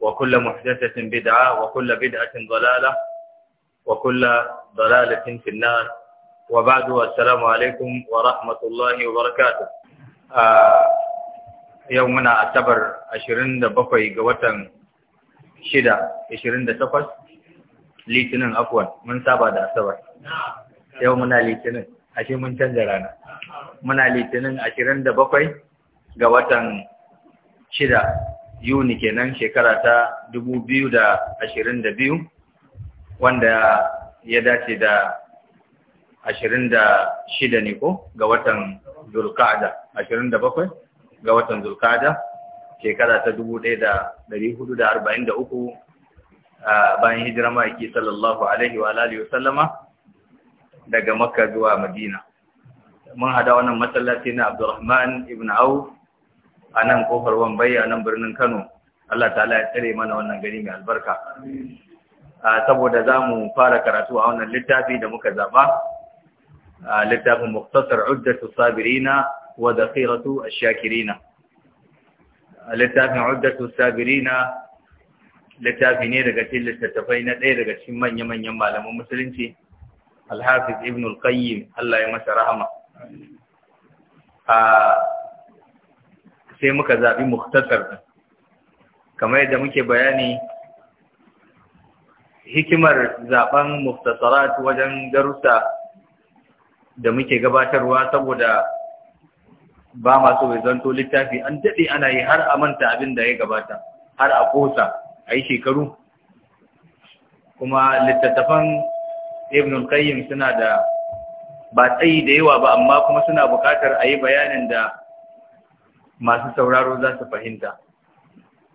وكل محدثة بدعة وكل بدعة ضلالة وكل ضلالة في النار وبعد السلام عليكم ورحمة الله وبركاته يومنا da bakwai ga watan da takwas. litinin afwan mun saba da asabar yau muna litinin ashe mun canza rana muna litinin bakwai ga watan shida. yuni kenan shekara ta biyu, wanda ya dace da shida ne ko ga watan zulkada bakwai ga watan zulkada shekara ta uku, bayan hijira ma'aiki sallallahu alaihi wa alihi wasallama daga makka zuwa madina mun hada wannan masallaci na Abdulrahman ibn auf a nan kofar wambai a nan birnin kano allah ta ya tsare mana wannan gari mai albarka saboda za mu fara karatu a wannan littafi da muka zaba littafin muktasar uddatu sabirina wa dakhiratu ash-shakirina littafin uddatu sabirina littafi ne daga cikin littattafai na ɗaya daga cikin manya-manyan malaman musulunci alhafiz ibn al-qayyim Allah ya masa rahama sai muka zaɓi muktasar ɗin kamar yadda muke bayani hikimar zaɓen muktasarat wajen darussa da muke gabatarwa saboda ba masu bai zanto littafi an daɗe ana yi har a manta abin da ya gabata har a kosa a yi shekaru kuma littattafan ibn qayyim suna da ba tsayi da yawa ba amma kuma suna buƙatar a yi bayanin da masu sauraro za su fahimta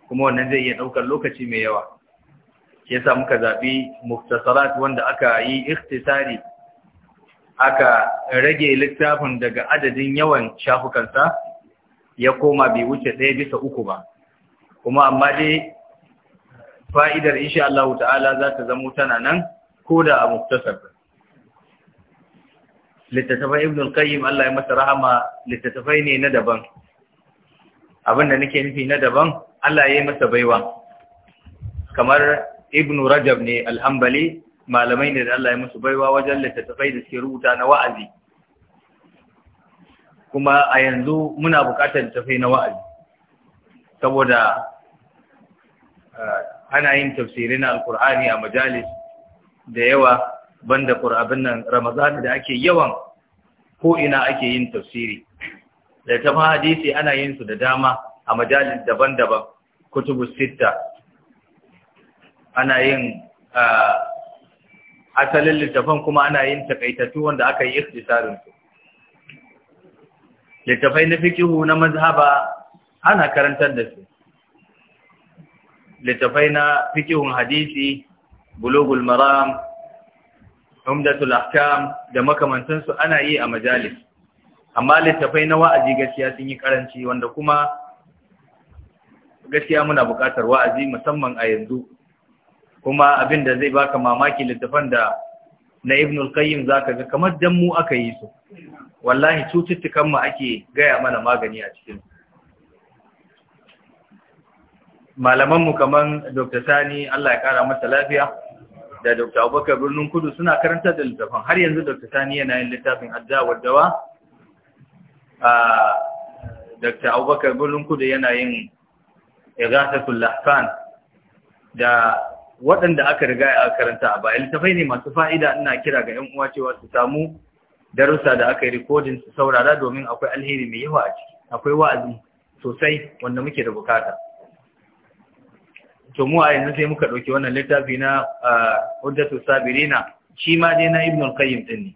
kuma wannan zai iya ɗaukar lokaci mai yawa ya muka zaɓi muftasarat wanda aka yi ikhtisari aka rage littafin daga adadin yawan shafukansa ya koma bai wuce ɗaya bisa uku ba kuma amma dai fa'idar insha Allah ta'ala za ta zamo tana nan ko da a muftasar littattafai ibn al-qayyim Allah ya masa rahama littattafai ne na daban abin da nake nufi na daban Allah ya yi masa baiwa kamar ibn rajab ne alhambali malamai ne da Allah ya musu baiwa wajen littattafai da suke rubuta na wa'azi kuma a yanzu muna buƙatar littattafai na wa'azi saboda eh, ana yin tafsiri na alkur'ani a majalis da yawa banda ƙur'abin nan ramadana da ake yawan ko ina ake yin tafsiri da ta hadisi ana yin su da dama a majalis daban-daban kutubu sita ana yin asalin littafan kuma ana yin takaitattu wanda aka yi ikhtisarin su littafai na fikihu na mazhaba ana karantar da su littafai na fikihun hadisi bulugul maram umdatul ahkam da makamantansu ana yi a majalis amma littafai na wa'azi gaskiya sun yi karanci wanda kuma gaskiya muna buƙatar wa'azi musamman a yanzu kuma abin da zai baka mamaki littafan da na ibnul qayyim zaka ga kamar dan mu aka yi su wallahi cututtukan mu ake gaya mana magani a cikin malaman mu kaman Dr. Sani Allah ya kara masa lafiya da Dr. Abubakar Birnin Kudu suna karanta da littafin har yanzu Dr. Sani yana yin littafin adda wa dawa Dr. Abubakar Birnin Kudu yana yin Igasatul Lahfan da waɗanda aka riga a karanta a baya Tafai ne masu fa'ida ina kira ga ‘yan uwa cewa su samu darussa da aka yi rikodin su saurara domin akwai alheri mai yawa a ciki akwai wa'azi sosai wanda muke da bukata. to mu a yanzu sai muka ɗauki wannan littafi na Hujjatu Sabirina shi ma dai na Ibn al-Qayyim ɗin ne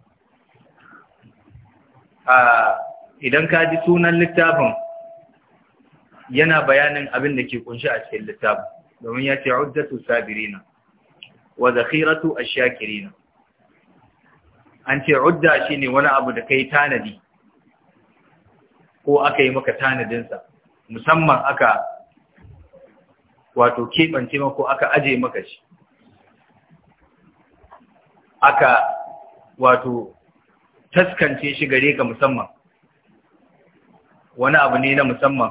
idan ka ji sunan littafin yana bayanin abin da ke kunshi a cikin littafin domin ya ce uddatu sabirina wa zakhiratu ash-shakirina an ce udda shine wani abu da kai tanadi ko aka yi maka tanadin sa musamman aka wato kebance maka ko aka aje maka shi aka wato taskance shi gare ka musamman wani abu ne na musamman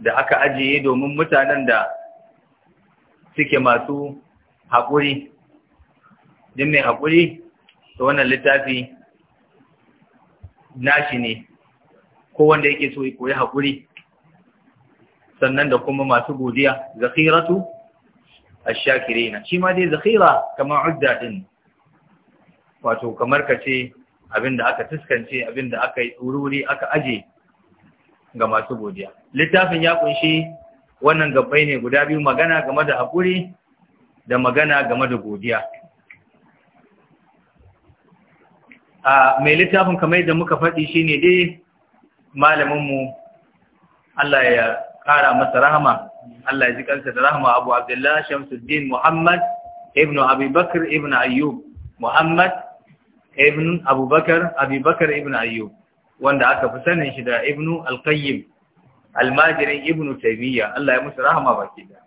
da aka ajiye domin mutanen da suke masu haƙuri din mai haƙuri da wannan littafi nashi ne ko wanda yake so ya koyi haƙuri sannan da kuma masu godiya zakhiratu ash-shakirina shi ma dai zakhira kamar udda din wato kamar kace abinda aka tuskance abinda aka yi wuri aka aje ga masu godiya littafin ya kunshi wannan gabbai ne guda biyu magana game da haƙuri da magana game da godiya a mai littafin kamar da muka faɗi shi ne dai malaminmu Allah ya ƙara masa rahama Allah ya ji kansa da rahama Abu Abdullah Shamsuddin Muhammad ibn Abi Bakr ibn Ayyub Muhammad ibn abubakar abubakar ibn ayyub wanda aka fi sanin shi da ibn al-qayyim almajirin ibn taymiya Allah ya musu rahama baki da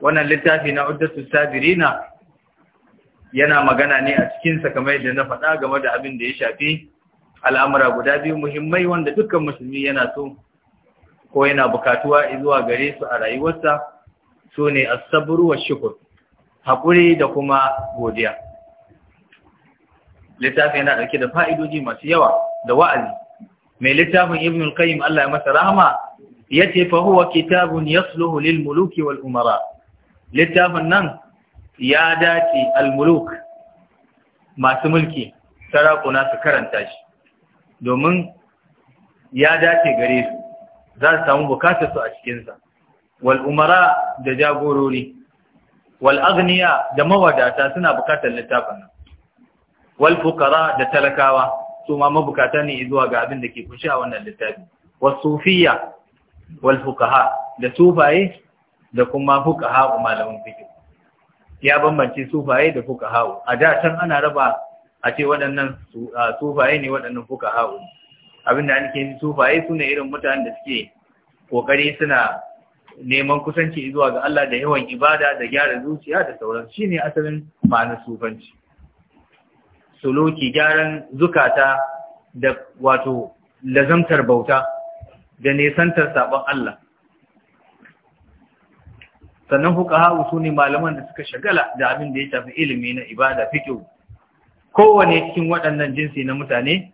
wannan littafi na uddatu sabirina yana magana ne a cikin sa kamar yadda na faɗa game da abin da ya shafi al'amura guda biyu muhimmai wanda dukkan musulmi yana so ko yana bukatuwa zuwa gare su a rayuwarsa su ne as-sabr wa shukr haƙuri da kuma godiya littafin yana ɗauke da fa'idoji masu yawa da wa'azi mai littafin ibn al Allah ya masa rahama ya ce, fahuwa kitabun yasluhu lil muluki wal umara littafin nan ya dace al-muluk masu mulki sarakuna su karanta shi domin ya dace gare su za su samu bukatar su a cikinsa wal umara da jagorori wal agniya da mawadata suna bukatar littafin nan wal fuqara da talakawa su ma mabukata ne zuwa ga abin da ke kunshi a wannan littafi was sufiyya wal fuqaha da sufaye da kuma fuqaha malaman fiqh ya bambance sufaye da fuqaha a da can ana raba a ce waɗannan sufaye ne waɗannan fuqaha abin da ake sufaye sune irin mutanen da suke kokari suna neman kusanci zuwa ga Allah da yawan ibada da gyara zuciya da sauran shine asalin ma'anar sufanci suluki gyaran zukata da wato lazamtar bauta da nesantar sabon Allah sannan ha’u su ne malaman da suka shagala da abin da ya shafi ilimi na ibada fito? kowane cikin waɗannan jinsi na mutane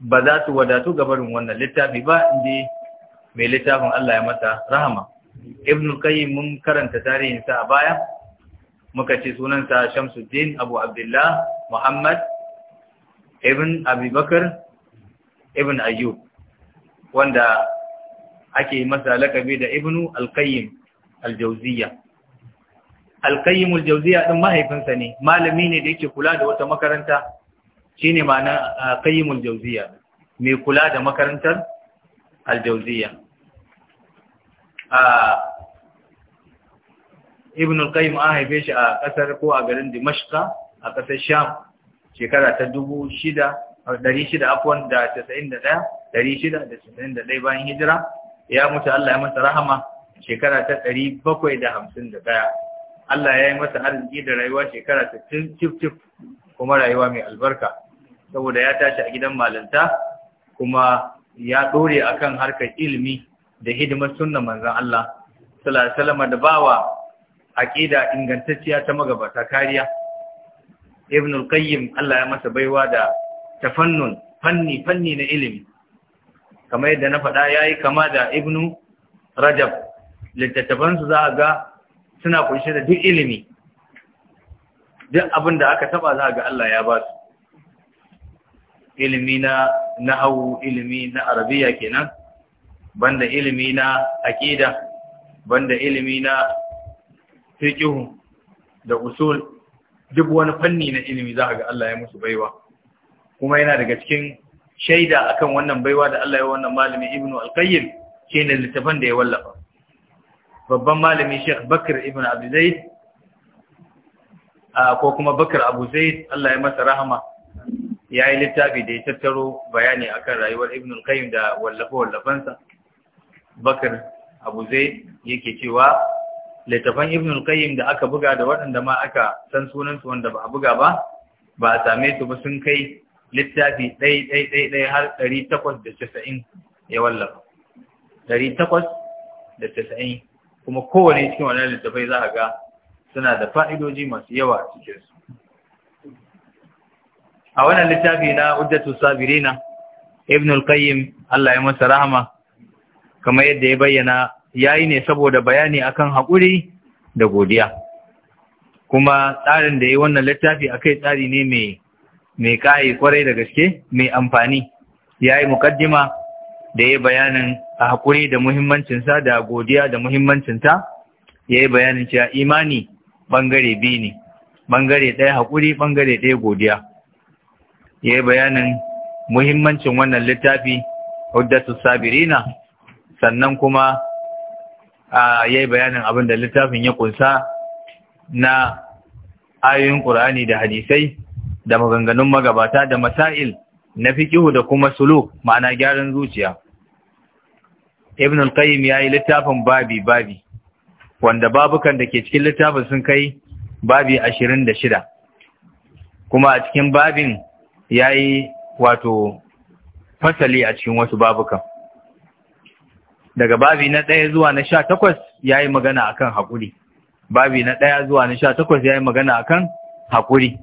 ba za su wadatu gabarin wannan littafi ba inda mai littafin Allah ya mata rahama ibn Kayi mun karanta tarihinsa a baya muka ce sunansa Shamsuddin Abu Abdullah Muhammad ibn Abubakar ibn Ayyub wanda ake masa lakabi da ibnu al-Qayyim al-Jawziyya al-Qayyim al-Jawziyya din mahaifinsa ne malami ne da yake kula da wata makaranta shine ma'ana al Qayyim al-Jawziyya mai kula da makarantar al-Jawziyya ibn al-Qayyim an haife shi a ƙasar ko a garin Dimashqa a ƙasar sham shekara ta dubu shida ɗari shida afuwan da casa'in da ɗaya ɗari shida da casa'in da ɗaya bayan hijira ya mutu Allah ya masa rahama shekara ta ɗari bakwai da hamsin da ɗaya Allah ya yi masa arziki da rayuwa shekara ta cif cif kuma rayuwa mai albarka saboda ya tashi a gidan malinta kuma ya ɗore a kan harkar ilimi da hidimar sunan manzan Allah salama da bawa aqida ingantacciya ta magabata kariya ibn al-qayyim Allah ya masa baiwa da tafannun fanni fanni na ilimi kamar yadda na faɗa yayi kama da ibn rajab littattafansu za a ga suna kunshe da duk ilimi duk abin da aka taba za ga Allah ya ba su ilimi na nahwu ilimi na arabiya kenan banda ilimi na aqida banda ilimi na fiqh da usul duk wani fanni na ilimi za a ga Allah ya musu baiwa kuma yana daga cikin shaida akan wannan baiwa da Allah ya wannan malami Ibn al-Qayyim shine littafin da ya wallafa babban malami Sheikh Bakr Ibn Abi Zaid ko kuma Bakr Abu Zaid Allah ya masa rahama yayi littafi da ya tattaro bayani akan rayuwar Ibn al-Qayyim da wallafa wallafansa Bakr Abu Zaid yake cewa littafan ibn qayyim da aka buga da waɗanda ma aka san sunansu wanda ba a buga ba ba a same su ba sun kai littafi ɗai ɗai ɗai ɗai har ɗari takwas da casa'in ya wallafa ɗari takwas da casa'in kuma kowane cikin wannan littafai za a ga suna da fa'idoji masu yawa a cikinsu a wannan littafi na hujjatu sabirina ibn al-qayyim Allah ya masa rahama kamar yadda ya bayyana Ya yi ne saboda bayani akan haƙuri da godiya kuma tsarin da ya yi wannan littafi kai tsari ne mai mai kayi kwarai da gaske mai amfani Ya yi mukaddima da ya bayanin a haƙuri da muhimmancinsa da godiya da muhimmancinta ya yi bayanin cewa imani ɓangare biyu ne ɓangare ɗaya haƙuri ɓangare ɗaya godiya ya yi bayanin muhimmancin wannan littafi huddatu sabirina sannan kuma A yayi bayanin abin da littafin ya kunsa na ayoyin ƙur'ani da hadisai da maganganun magabata da masail na fikihu da kuma suluk ma'ana gyaran zuciya ibn al-qayyim yayi littafin babi babi wanda babukan da ke cikin littafin sun kai babi 26 kuma a cikin babin yayi wato fasali a cikin wasu babukan daga babi na ɗaya zuwa na sha takwas ya yi magana a kan haƙuri babi na ɗaya zuwa na sha takwas ya yi magana a kan haƙuri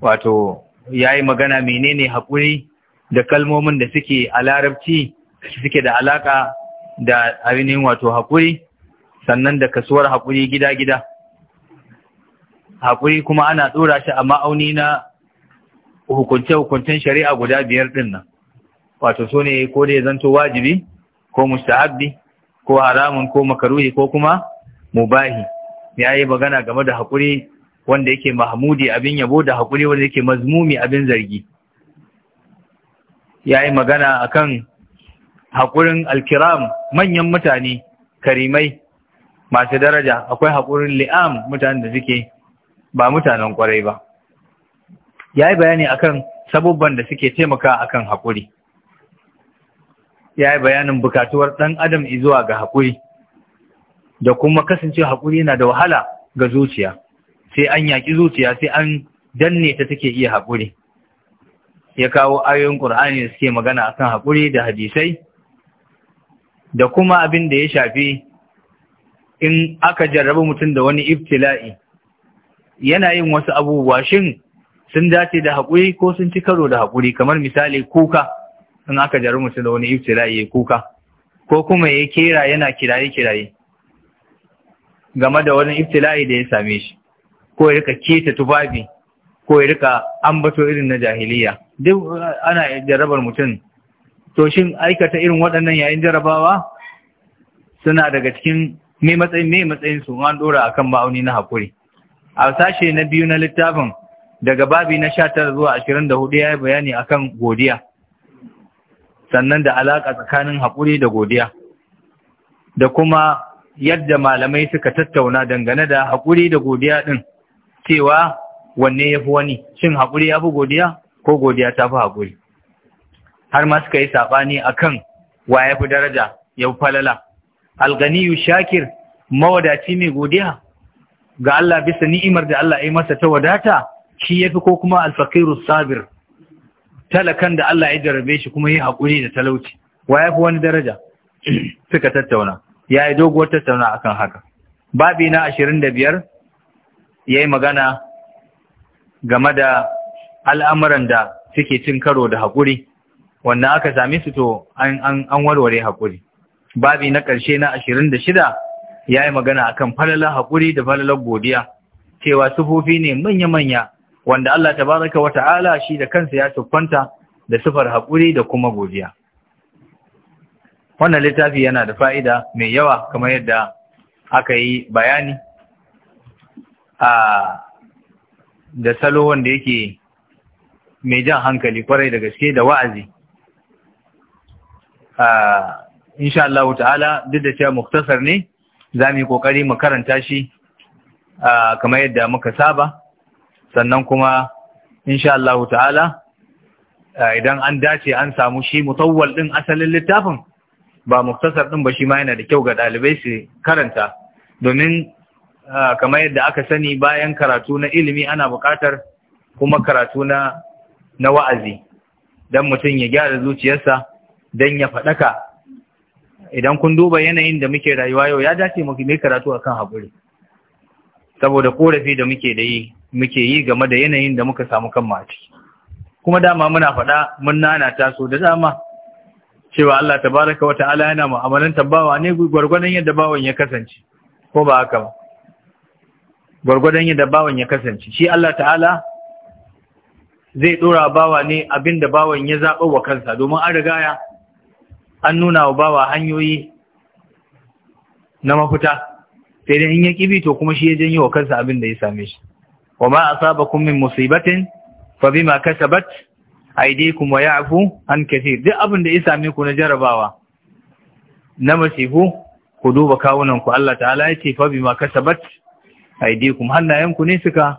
wato ya yi magana menene haƙuri da kalmomin da suke a larabci suke da alaƙa da ainihin wato haƙuri sannan da kasuwar haƙuri gida-gida haƙuri kuma ana ɗora shi a ma'auni na hukunce-hukuncen shari'a guda biyar ɗin nan wato so ne ko dai ya zanto wajibi ko mustahabbi ko haramun ko makaruhi ko kuma mubahi ya yi magana game da haƙuri wanda yake mahmudi abin yabo da haƙuri wanda yake mazmumi abin zargi ya yi magana akan haƙurin alkiram manyan mutane karimai masu daraja akwai haƙurin li'am mutanen da suke ba mutanen ƙwarai ba ya yi bayani akan sabubban da suke taimaka akan haƙuri ya yi bayanin bukatuwar ɗan adam izuwa ga haƙuri da kuma kasance haƙuri na da wahala ga zuciya sai an yaƙi zuciya sai an danne ta take iya haƙuri ya kawo ayoyin ƙur'ani da suke magana a kan haƙuri da hadisai da kuma abin da ya shafi in aka jarraba mutum da wani ibtila'i yana yin wasu abubuwa shin sun dace da haƙuri ko sun ci karo da haƙuri kamar misali kuka in aka jaru mutum da wani iftila ya kuka ko kuma ya kera yana kiraye-kiraye game da wani iftila'i da ya same shi ko ya rika keta tufafi ko ya rika ambato irin na jahiliya duk ana jarabar mutum to shin aikata irin waɗannan yayin jarabawa suna daga cikin me matsayin me matsayin su an dora akan ma'auni na hakuri a sashe na biyu na littafin daga babi na 19 zuwa ashirin da hudu ya yi bayani akan godiya sannan da alaƙa tsakanin haƙuri da godiya da kuma yadda malamai suka tattauna dangane da haƙuri da godiya ɗin cewa wanne ya fi wani shin haƙuri ya fi godiya ko godiya ta fi haƙuri har ma suka yi saɓani a kan wa ya fi daraja ya fi falala alganiyu shakir mawadaci mai godiya ga Allah bisa ni'imar da Allah ya masa ta wadata shi ya fi ko kuma alfakiru sabir talakan da Allah ya jarabe shi kuma yi haƙuri da talauci wa ya fi wani daraja suka tattauna ya yi doguwar tattauna akan haka babi na ashirin da biyar ya yi magana game da al'amuran da suke cin karo da haƙuri wannan aka sami su to an warware haƙuri babi na ƙarshe na ashirin da shida ya yi magana akan falalar haƙuri da falalar godiya cewa sufofi ne manya-manya wanda Allah tabaraka wa ta'ala shi da kansa ya tukunta da sifar haƙuri da kuma godiya wannan littafi yana da fa'ida mai yawa kamar yadda aka yi bayani a da salo wanda yake mai jan hankali kwarai da gaske da wa'azi insha Allah ta'ala duk da cewa muktasar ne za mu yi ƙoƙari mu karanta shi kamar yadda muka saba sannan kuma insha Allah ta'ala idan an dace an samu shi mutawwal din asalin littafin ba muktasar din ba shi ma yana da kyau ga dalibai su karanta domin kamar yadda aka sani bayan karatu na ilimi ana buƙatar kuma karatu na na wa'azi dan mutum ya gyara zuciyarsa dan ya faɗaka idan kun duba yanayin da muke rayuwa yau ya dace mu yi karatu akan haƙuri saboda korafi da muke da yi muke yi game da yanayin da muka samu kan mace kuma dama muna faɗa mun nana taso da dama cewa Allah tabaraka wata'ala yana mu'amalantar bawa ne gwargwadon yadda bawan ya kasance ko ba haka ba gwargwadon yadda bawan ya kasance shi Allah ta'ala zai dora bawa ne abinda bawan ya zaɓa wa kansa domin an rigaya an nuna wa bawa hanyoyi na mafita sai dai in ya kibi to kuma shi ya janyo wa kansa abin da ya same shi wa ma asabakum min musibatin fa bima kasabat aydikum wa ya'fu an kathir duk abin da ya same ku na jarabawa na masifu ku duba kawunan ku Allah ta'ala ya ce fa bima kasabat aydikum hannayen ku ne suka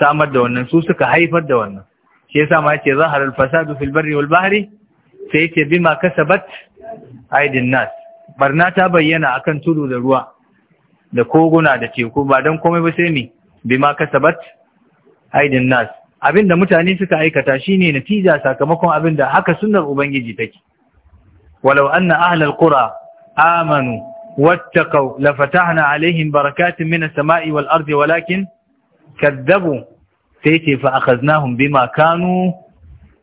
samar da wannan su suka haifar da wannan shi yasa ma yace al fasadu fil barri wal bahri sai yace bima kasabat aydin nas barna ta bayyana akan tudu da ruwa da koguna da teku ba don komai ba sai ne bima kasabat aidin nas abin da mutane suka aikata shine natija sakamakon abin da haka sunnar ubangiji take walau anna ahlal qura amanu la fatahna alaihim barakatin minas sama'i wal ardi walakin kadzabu sai ce fa akhaznahum bima kanu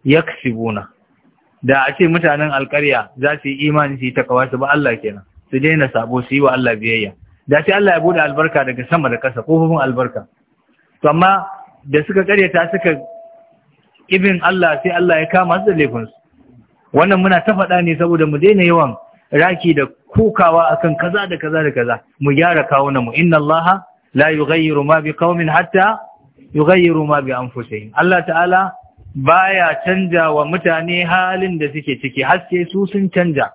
yaksibuna da a ce mutanen alƙarya za su yi imani su yi takawa su ba Allah kenan su daina sabo su yi wa Allah biyayya da shi Allah ya bude albarka daga sama da ƙasa kofofin albarka to amma da suka karyata suka ibin Allah sai Allah ya kama su da laifinsu wannan muna ta faɗa ne saboda mu daina yawan raki da kukawa akan kaza da kaza da kaza mu gyara kawunan mu inna Allah la yughayyiru ma qaumin hatta yughayyiru ma bi anfusihim Allah ta'ala baya canja wa mutane halin da suke ciki har sai su sun canja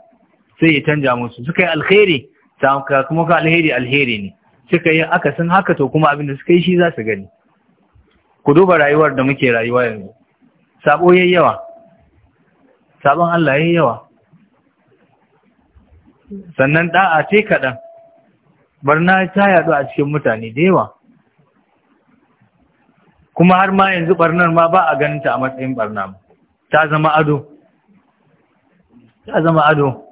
sai ya canja musu suka yi alkhairi kuma ka alheri alheri ne suka yi akasin haka to kuma abin da suka yi shi za su gani ku duba rayuwar da muke rayuwa yanzu sabo yayi yawa sabon Allah yayi yawa sannan da'a ce kaɗan barna ta yaɗu a cikin mutane da yawa kuma har ma yanzu barnar ma ba a ta a matsayin barna ta zama ado ta zama ado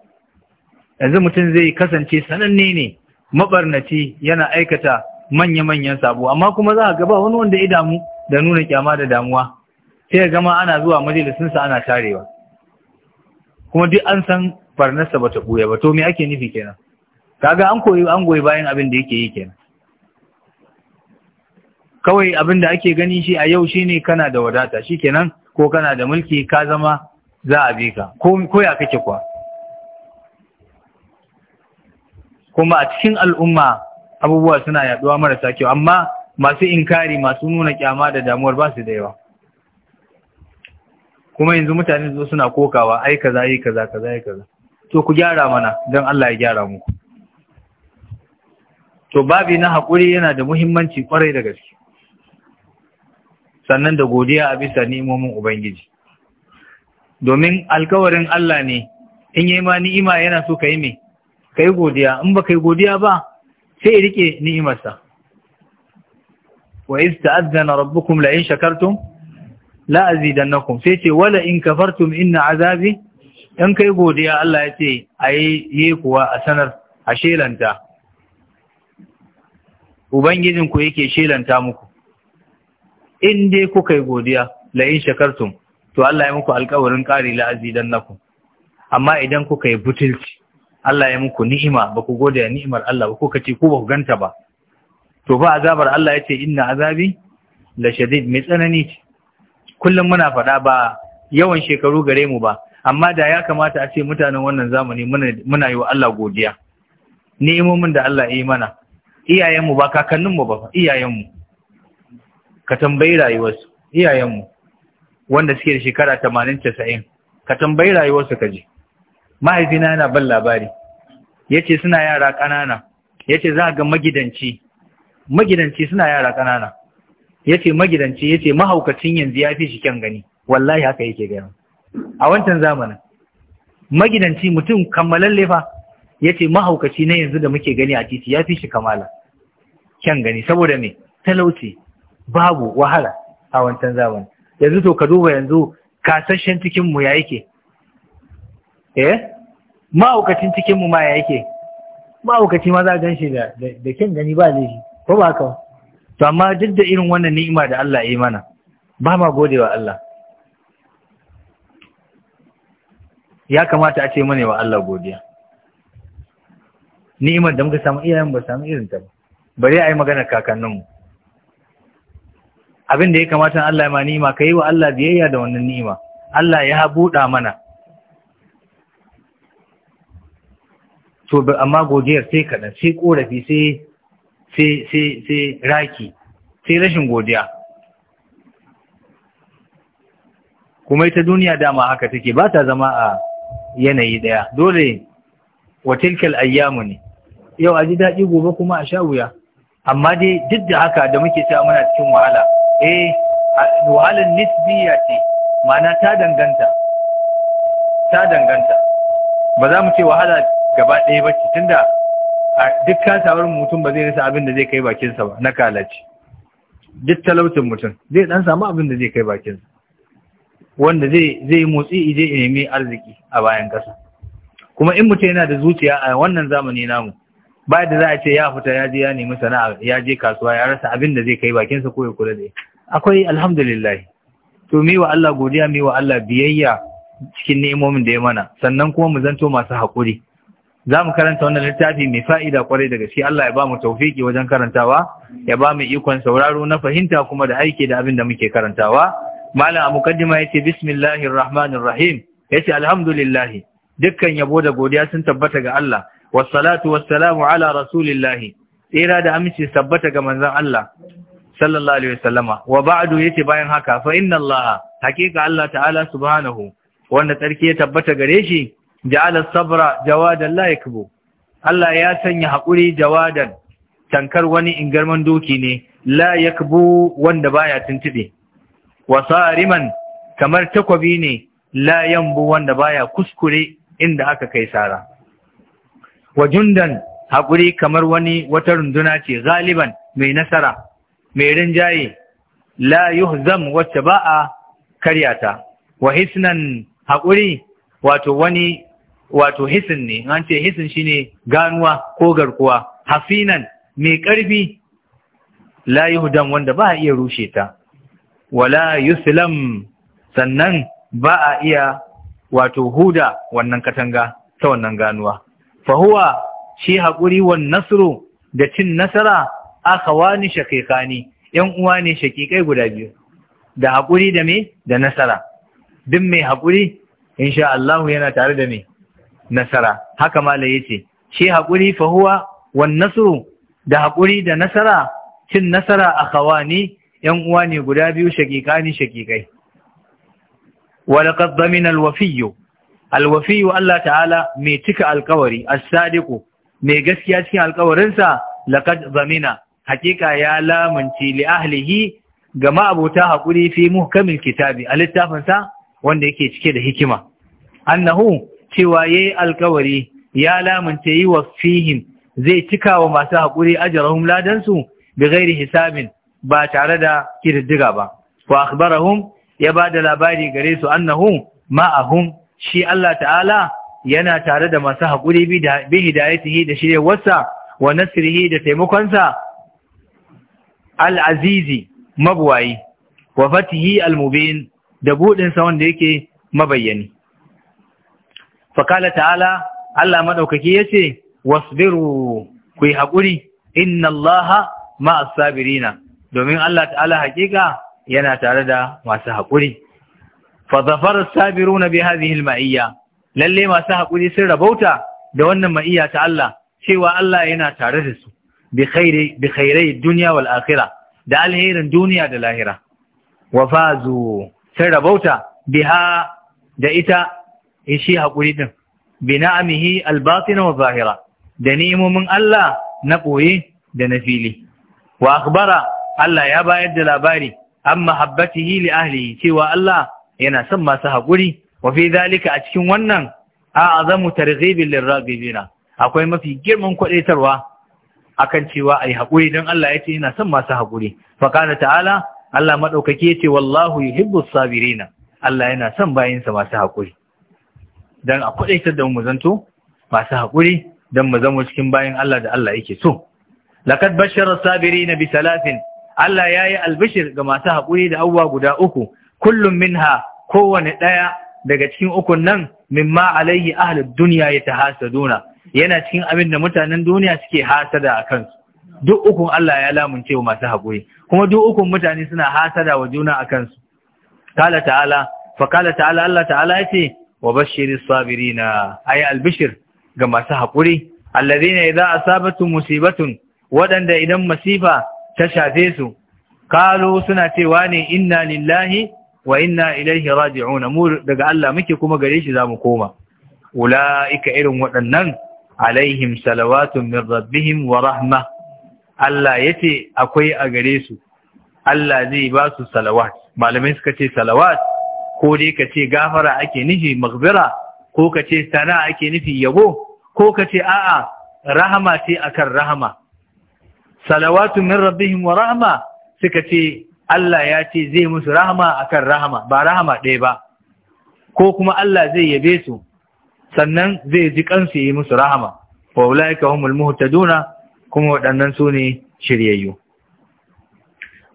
yanzu mutum zai kasance sananne ne mabarnaci yana aikata manya-manyan sabo amma kuma za a gaba wani wanda idamu da nuna kyama da damuwa sai gama ana zuwa majalisinsa ana tarewa kuma duk an san ba ta ɓuya ba to me ake nufi kenan kaga an koyi an goyi bayan abin da yake yi kenan kawai abin da ake gani shi a yau shi shine kana da wadata shi shikenan ko kana da mulki ka zama za a bi ka ko ya kake kuwa kuma a cikin al'umma abubuwa suna yaduwa marasa kyau amma masu inkari masu nuna kyama da damuwar ba su da yawa kuma yanzu mutane zo suna kokawa ai kaza yi kaza kaza yi kaza to ku gyara mana don Allah ya gyara mu to babi na hakuri yana da muhimmanci kwarai da gaske sannan da godiya a bisa nemomin ubangiji domin alkawarin Allah ne in yi ma ni'ima yana so ka yi me ka yi godiya in ba ka yi godiya ba sai ya rike ni'imarsa wa iz ta'azzana rabbukum la in shakartum la azidannakum sai ce wala in kafartum inna azabi in kai godiya Allah ya ce ayi yi kuwa a sanar a shelanta ubangijin ku yake shelanta muku in dai kuka yi godiya la in shakartum to Allah ya muku alƙawarin ƙari la azidannakum amma idan kuka yi butulci Allah ya muku ni'ima ba ku gode ya ni'imar Allah ba ko kace ku ba ku ganta ba to fa azabar Allah yace inna azabi la shadid mai tsanani kullum muna faɗa ba yawan shekaru gare mu ba amma da ya kamata a ce mutanen wannan zamani muna yi wa Allah godiya ni'imomin da Allah ya yi mana iyayenmu ba kakanninmu ba iyayenmu ka tambayi rayuwarsu iyayenmu wanda suke da shekara tamanin casa'in, ka tambayi rayuwarsu ka ji mahaifina yana ban labari Ya ce suna yara ƙanana Ya ce za ga magidanci magidanci suna yara ƙanana Ya ce magidanci ya ce mahaukacin yanzu ya fi shi kyan gani wallahi haka yake gani a wancan zamanin magidanci mutum lefa ya ce mahaukaci na yanzu da muke gani a titi ya fi shi kamala kyan gani saboda me talauci babu wahala a wancan zamani yanzu to ka duba yanzu kasashen cikinmu ya yake eh Ma'aukacin cikinmu ma ya yake Ma'aukaci ma za a ganshi da kyan gani ba zai ko ba ka to amma duk da irin wannan ni'ima da Allah ya yi mana ba ma godewa Allah ya kamata a ce mana wa Allah godiya ni'imar da muka samu iyayen ba samu irin ta ba bari a yi magana kakanninmu abin da ya kamata Allah ya ma ni'ima ka yi wa Allah biyayya da wannan ni'ima Allah ya buɗa mana to amma godiyar sai kaɗan sai ƙorafi sai sai raki sai rashin godiya kuma ita duniya dama haka take ba ta zama a yanayi ɗaya dole watilkal ayyamu ne yau a ji daɗi gobe kuma a sha wuya amma dai duk da haka da muke cewa muna cikin wahala eh wahalar nisbiya ce ma'ana ta danganta ta danganta ba za mu ce wahala gaba ɗaya ba tunda a duk kasawar mutum ba zai rasa abin da zai kai bakinsa ba na kalaci duk talautin mutum zai dan samu abin da zai kai bakinsa wanda zai zai motsi ije nemi arziki a bayan kasa kuma in mutum yana da zuciya a wannan zamani namu ba da za a ce ya fita ya je ya nemi sana'a ya je kasuwa ya rasa abin da zai kai bakinsa ko ya kula da akwai alhamdulillah to mi wa Allah godiya mi wa Allah biyayya cikin ni'imomin da ya mana sannan kuma mu zanto masu haƙuri za mu karanta wannan littafi mai fa'ida kwarai daga shi Allah ya ba mu taufiki wajen karantawa ya ba mu ikon sauraro na fahimta kuma da aiki da abin da muke karantawa malam a mukaddima yace bismillahir rahmanir rahim yace alhamdulillah dukkan yabo da godiya sun tabbata ga Allah wassalatu wassalamu ala rasulillah tsira da aminci tabbata ga manzon Allah sallallahu alaihi wasallama wa ba'du yace bayan haka fa inna Allah hakika Allah ta'ala subhanahu wanda tsarki ya tabbata gare shi ja'ala sabra jawadan la yakbu Allah ya sanya haƙuri jawadan tankar wani ingarman doki ne la yakbu wanda baya tuntube wasariman kamar takwabi ne la yambu wanda baya kuskure inda aka kai sara wa jundan haƙuri kamar wani wata runduna ce galiban mai nasara mai rinjaye la yuhzam wacce ba a karyata wa hisnan haƙuri wato wani wato hisin ne an ce hisin ne ganuwa ko garkuwa hafinan mai ƙarfi layi hudan wanda ba a iya rushe ta wala yuslam sannan ba a iya wato huda wannan katanga ta wannan ganuwa fahuwa shi haƙuri wa Nasiru da cin nasara wani shakikani. yan uwa ne shakikai guda biyu da haƙuri da me da nasara duk mai haƙuri insha Allah yana tare da me nasara haka malai yace shi haƙuri fa huwa wan nasru da haƙuri da nasara cin nasara a akhawani yan uwa ne guda biyu shakikani shakikai walaqad damina alwafiyyu alwafiyyu Allah ta'ala mai cika alƙawari as-sadiqu mai gaskiya cikin sa laqad damina haƙiƙa ya lamunci li ahlihi ga ma'abota haƙuri fi muhkamil kitabi a littafinsa wanda yake cike da hikima annahu cewa ya yi alkawari ya lamunce yi wa fihin zai cika wa masu haƙuri ajrahum ladan su bi hisabin ba tare da kididdiga ba wa akhbarahum ya ba da labari gare su annahu ma'ahum shi Allah ta'ala yana tare da masu haƙuri bi hidayatihi da shiryewarsa wa nasirihi da taimakonsa al'azizi mabuwayi wa fatihi al-mubin da buɗinsa wanda yake mabayyani fakala ta'ala Allah maɗaukaki ya wasbiru ku yi haƙuri inna Allaha ma'as sabirina domin Allah ta'ala hakika yana tare da masu haƙuri fa sabiru na bi hadhihi al-ma'iyya lalle masu haƙuri sun rabauta da wannan ma'iyya ta Allah cewa Allah yana tare da su bi khairi khairai wal akhirah da alherin duniya da lahira wa sun rabauta biha da ita eh shi haƙuri din bi na'amihi al-batina wa zahira da ni'imomin Allah na ɓoye da na fili wa akhbara Allah ya bayar da labari an mahabbatihi li ahlihi cewa Allah yana son masu haƙuri wa fi zalika a cikin wannan a'azamu targhibin lirragibina akwai mafi girman a akan cewa yi haƙuri don Allah ya ce yana son masu haƙuri fa ta'ala Allah madaukake ya ce wallahu yuhibbus sabirina Allah yana son bayansa masu haƙuri don a kudaitar da mu zanto masu haƙuri don mu zama cikin bayan Allah da Allah yake so. Lakat bashar sabiri na bisalafin Allah ya yi albishir ga masu haƙuri da abubuwa guda uku, kullum minha kowane ɗaya daga cikin ukun nan mimma alaihi ahlud duniya ya ta hasaduna yana cikin abin da mutanen duniya suke hasada a kansu. Duk ukun Allah ya lamunce wa masu haƙuri, kuma duk ukun mutane suna hasada wa juna a kansu. Kala ta'ala, fa kala ta'ala Allah ta'ala ya ce, wa bashiri sabirina ay albishir ga masu haƙuri alladhina idza asabatu musibatun waɗanda idan masifa ta shafe su kalu suna cewa ne inna lillahi wa inna ilaihi raji'un mu daga Allah muke kuma gare shi zamu koma ulaika irin waɗannan alaihim salawatun min rabbihim wa rahma Allah yace akwai a gare su Allah zai ba su salawat malamai suka ce salawat ko dai ka ce gafara ake nufi magbira ko ka ce sana ake nufi yabo ko ka ce a'a rahama ce akan rahama salawatu min rabbihim wa rahama suka ce Allah ya ce zai musu rahama akan rahama ba rahama ɗaya ba ko kuma Allah zai yabe su sannan zai ji kansu yi musu rahama wa ulaika humul muhtaduna kuma waɗannan su ne shiryayyu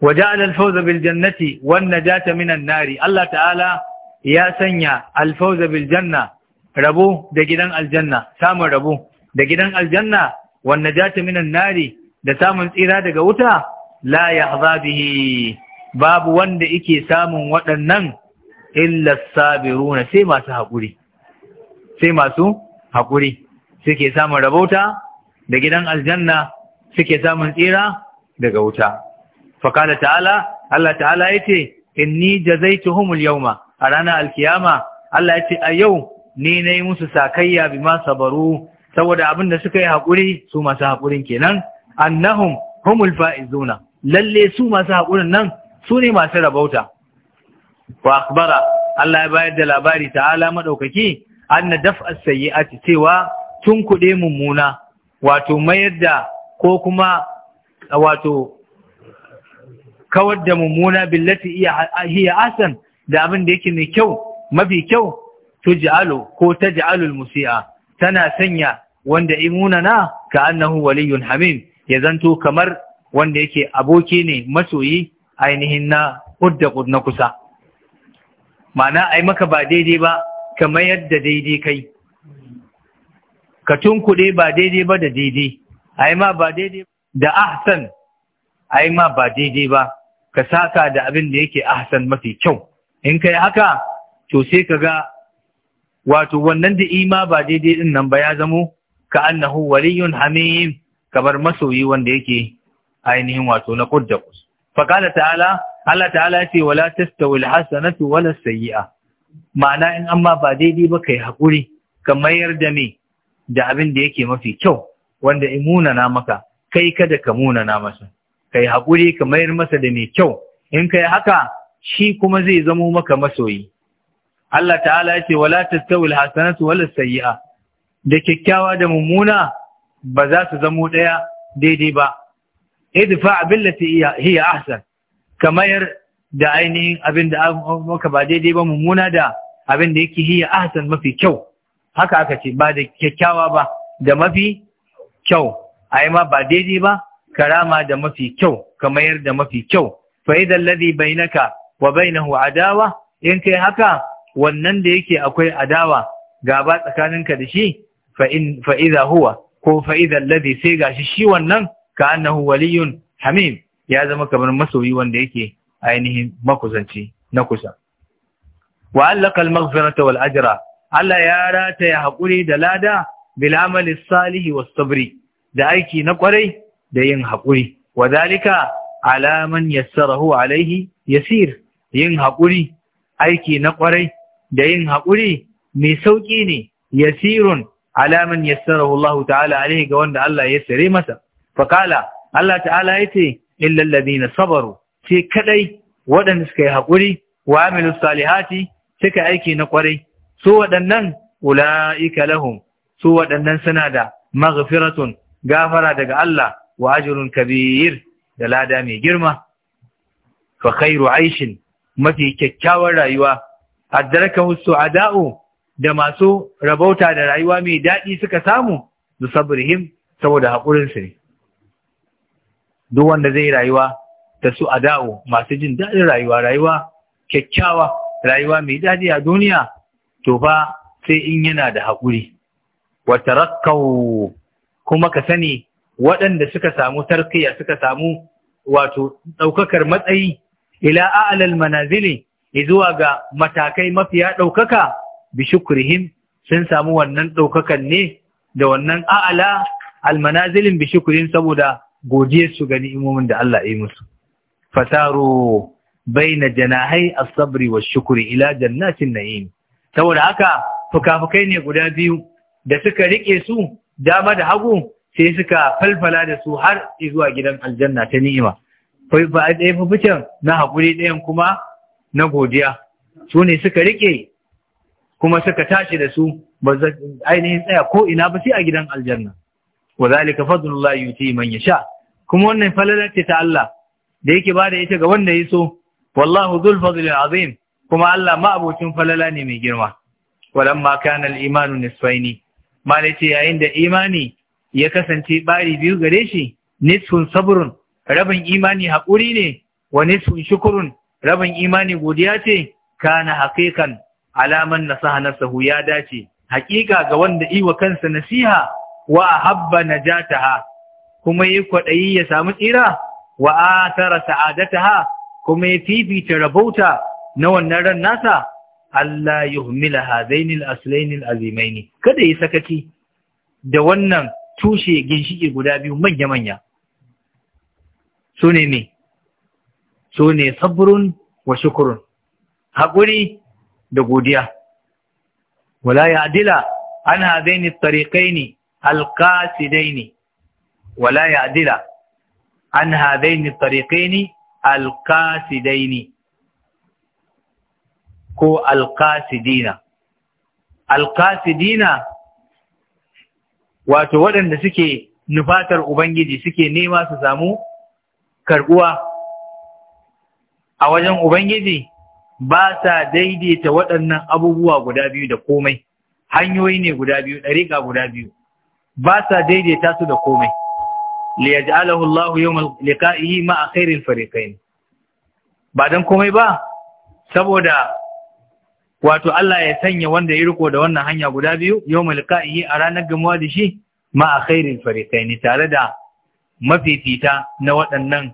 وجعل الفوز بالجنة والنجاة minan nari. Allah Ta'ala ya sanya alfauza bil janna rabo da gidan aljanna samun rabo da gidan aljanna wan najatu minan nari da samun tsira daga wuta la yahza bihi babu wanda yake samun waɗannan illa sabiruna sai masu hakuri sai masu hakuri suke samun rabota da gidan aljanna suke samun tsira daga wuta fakala ta'ala Allah ta'ala yace inni jazaituhumul yawma a ranar alkiyama Allah yace a yau ni nayi musu sakayya bima sabaru saboda abin da suka yi hakuri su masu hakurin kenan annahum humul faizuna lalle su masu hakurin nan su ne masu rabauta wa akhbara Allah ya bayar da labari ta'ala madaukaki anna daf'as sayyi'ati cewa tun kuɗe mummuna wato mayar da ko kuma wato kawar da mummuna billati iya hiya asan da abin da yake mai kyau mafi kyau tuj'alu ko ta musi'a tana sanya wanda imunana ka annahu waliyyun hamim ya zanto kamar wanda yake aboki ne masoyi ainihin na hudda na kusa ma'ana ai maka ba daidai ba kamar yadda daidai kai ka tunkuɗe ba daidai ba da daidai ai ma ba daidai da ahsan ai ma ba daidai ba ka saka da abin da yake ahsan mafi kyau in kai haka to sai ka ga wato wannan da ima ba daidai din nan ba ya zamo ka annahu waliyun hamim kamar masoyi wanda yake ainihin wato na kuddus fa qala ta'ala Allah ta'ala ya ce wala tastawi alhasanatu wala sayyi'a ma'ana in amma ba daidai ba kai hakuri ka mayar da me da abin da yake mafi kyau wanda in na maka kai kada ka muna na masa Ka yi haƙuri ka mayar masa da mai kyau in kai haka shi kuma zai zamo maka masoyi Allah ta'ala ya ce wala tastawil hasanatu wala sayyi'a da kyakkyawa da mummuna ba za su zamo ɗaya daidai ba idfa billati hiya ahsan mayar da ainihin abin da maka ba daidai ba mummuna da abin da yake hiya ahsan mafi kyau haka aka ce ba da kyakkyawa ba da mafi kyau a ma ba daidai ba karama da mafi kyau ka mayar da mafi kyau fa idan ladhi bainaka wa bainahu adawa in kai haka wannan da yake akwai adawa gaba tsakaninka da shi fa in fa huwa ko fa idza sai gashi shi wannan ka annahu waliyun hamim ya zama kamar masoyi wanda yake ainihin makusanci na kusa wa allaka al wal ajra Allah ya rataya haƙuri da lada bil amali wa was sabri da aiki na kwarai da yin haƙuri wadalika alaman yassarahu alaihi yasir yin haƙuri aiki na ƙwarai da yin haƙuri mai sauƙi ne yasirun alaman yassarahu Allah ta'ala alaihi ga wanda Allah ya sare masa Fakala! Allah ta'ala ya ce illal na sabaru ce kadai waɗanda suka yi haƙuri wa amilus salihati suka aiki na ƙwarai su waɗannan ula'ika lahum su waɗannan suna da maghfiratun gafara daga Allah wa ajrun kabir da lada mai girma fa khairu aishin mafi kyakkyawar rayuwa addarakahu Adao da masu rabauta da rayuwa mai daɗi suka samu da sabrihim saboda haƙurinsu ne duk wanda zai rayuwa da su Adao masu jin daɗin rayuwa rayuwa kyakkyawa rayuwa mai daɗi a duniya to fa sai in yana da haƙuri wata rakkau kuma ka sani waɗanda suka samu tarkiya suka samu wato ɗaukakar matsayi ila a'lal manazili zuwa ga matakai mafiya ɗaukaka bi shukrihim sun samu wannan ɗaukakan ne da wannan a'ala almanazilin bi shukrin saboda godiyar su ga ni'imomin da Allah ya yi musu fasaru baina janahai a sabri wa shukri ila jannatin na'im saboda haka fukafukai ne guda biyu da suka riƙe su dama da hagu sai suka falfala da su har zuwa gidan aljanna ta ni'ima kai ba ɗaya fufucin na haƙuri ɗayan kuma na godiya su ne suka riƙe kuma suka tashi da su ba ainihin tsaya ko ina ba sai a gidan aljanna wa zalika fadlullah yuti man yasha kuma wannan falalar ce ta Allah da yake bada ita ga wanda ya so wallahu dhul fadli azim kuma Allah ma abocin falala ne mai girma walamma kana al-imanu nisfaini malaci yayin da imani ya kasance ɓari biyu gare shi nisfun sabrun rabin imani haƙuri ne wa nisfun shukurun rabin imani godiya ce kana haqiqan alaman nasaha sahu ya dace haƙiƙa ga wanda iwa kansa nasiha wa habba najataha kuma yi kwaɗayi ya samu tsira wa ta ha, kuma ya fifita rabauta na wannan ran nasa Allah yuhmila hadainil aslainil azimaini kada yi sakaci da wannan tushe ginshiki guda biyu manya-manya su ne ne su ne sabrun wa shukurun haƙuri da godiya wala ya adila an ni tarikai ne alƙasidai ne wala ya adila an ni tarikai ne alƙasidai ne ko alƙasidina alƙasidina wato waɗanda suke nufatar Ubangiji suke nema su samu karɓuwa a wajen Ubangiji ba sa daidaita waɗannan abubuwa guda biyu da komai, hanyoyi ne guda biyu, ɗariƙa guda biyu, ba sa daidaita su da komai. liyaj'alahu Allahu yawmal liqa'ihi ma'a khairil fariqain ba dan komai ba saboda wato Allah ya sanya wanda ya riko da wannan hanya guda biyu yau yi a ranar gamuwa da shi ma a khairil fariqain tare da mafifita na waɗannan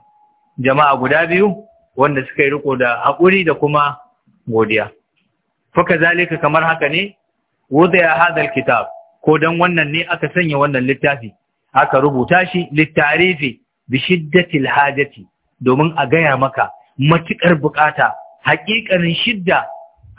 jama'a guda biyu wanda suka yi riko da haƙuri da kuma godiya faka zalika kamar haka ne ya hadal kitab ko don wannan ne aka sanya wannan littafi aka rubuta shi littarifi bi shiddatil hajati domin a gaya maka matukar buƙata haƙiƙanin shidda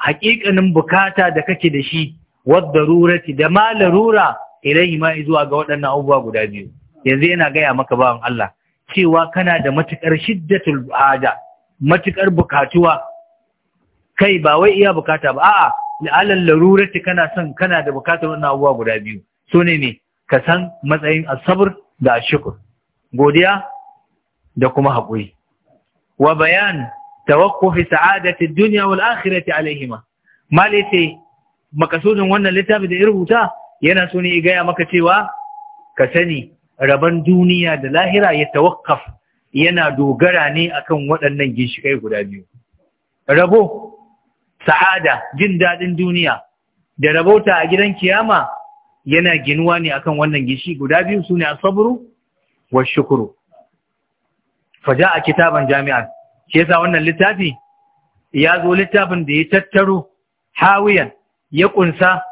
haƙiƙanin bukata da kake da shi wadda rurati da ma larura ilaihi ma zuwa ga waɗannan abubuwa guda biyu yanzu yana gaya maka bawan Allah cewa kana da matuƙar shiddatul haja matuƙar bukatuwa kai ba wai iya bukata ba a'a la'alal larurati kana son kana da bukatar wannan abubuwa guda biyu so ne ne ka san matsayin Asabar da shukur godiya da kuma haƙuri wa bayan tawakkufi sa'adati dunya wal akhirati alaihima mal yace makasudin wannan littafi da ya rubuta yana so ya gaya maka cewa ka sani rabon duniya da lahira ya tawakkaf yana dogara ne akan waɗannan ginshikai guda biyu rabo sa'ada jin daɗin duniya da rabota a gidan kiyama yana ginuwa ne akan wannan gishi guda biyu sune asabru wa shukuru faja a kitaban jami'ar. shi yasa wannan littafi ya zo littafin da ya tattaro hawiyan ya kunsa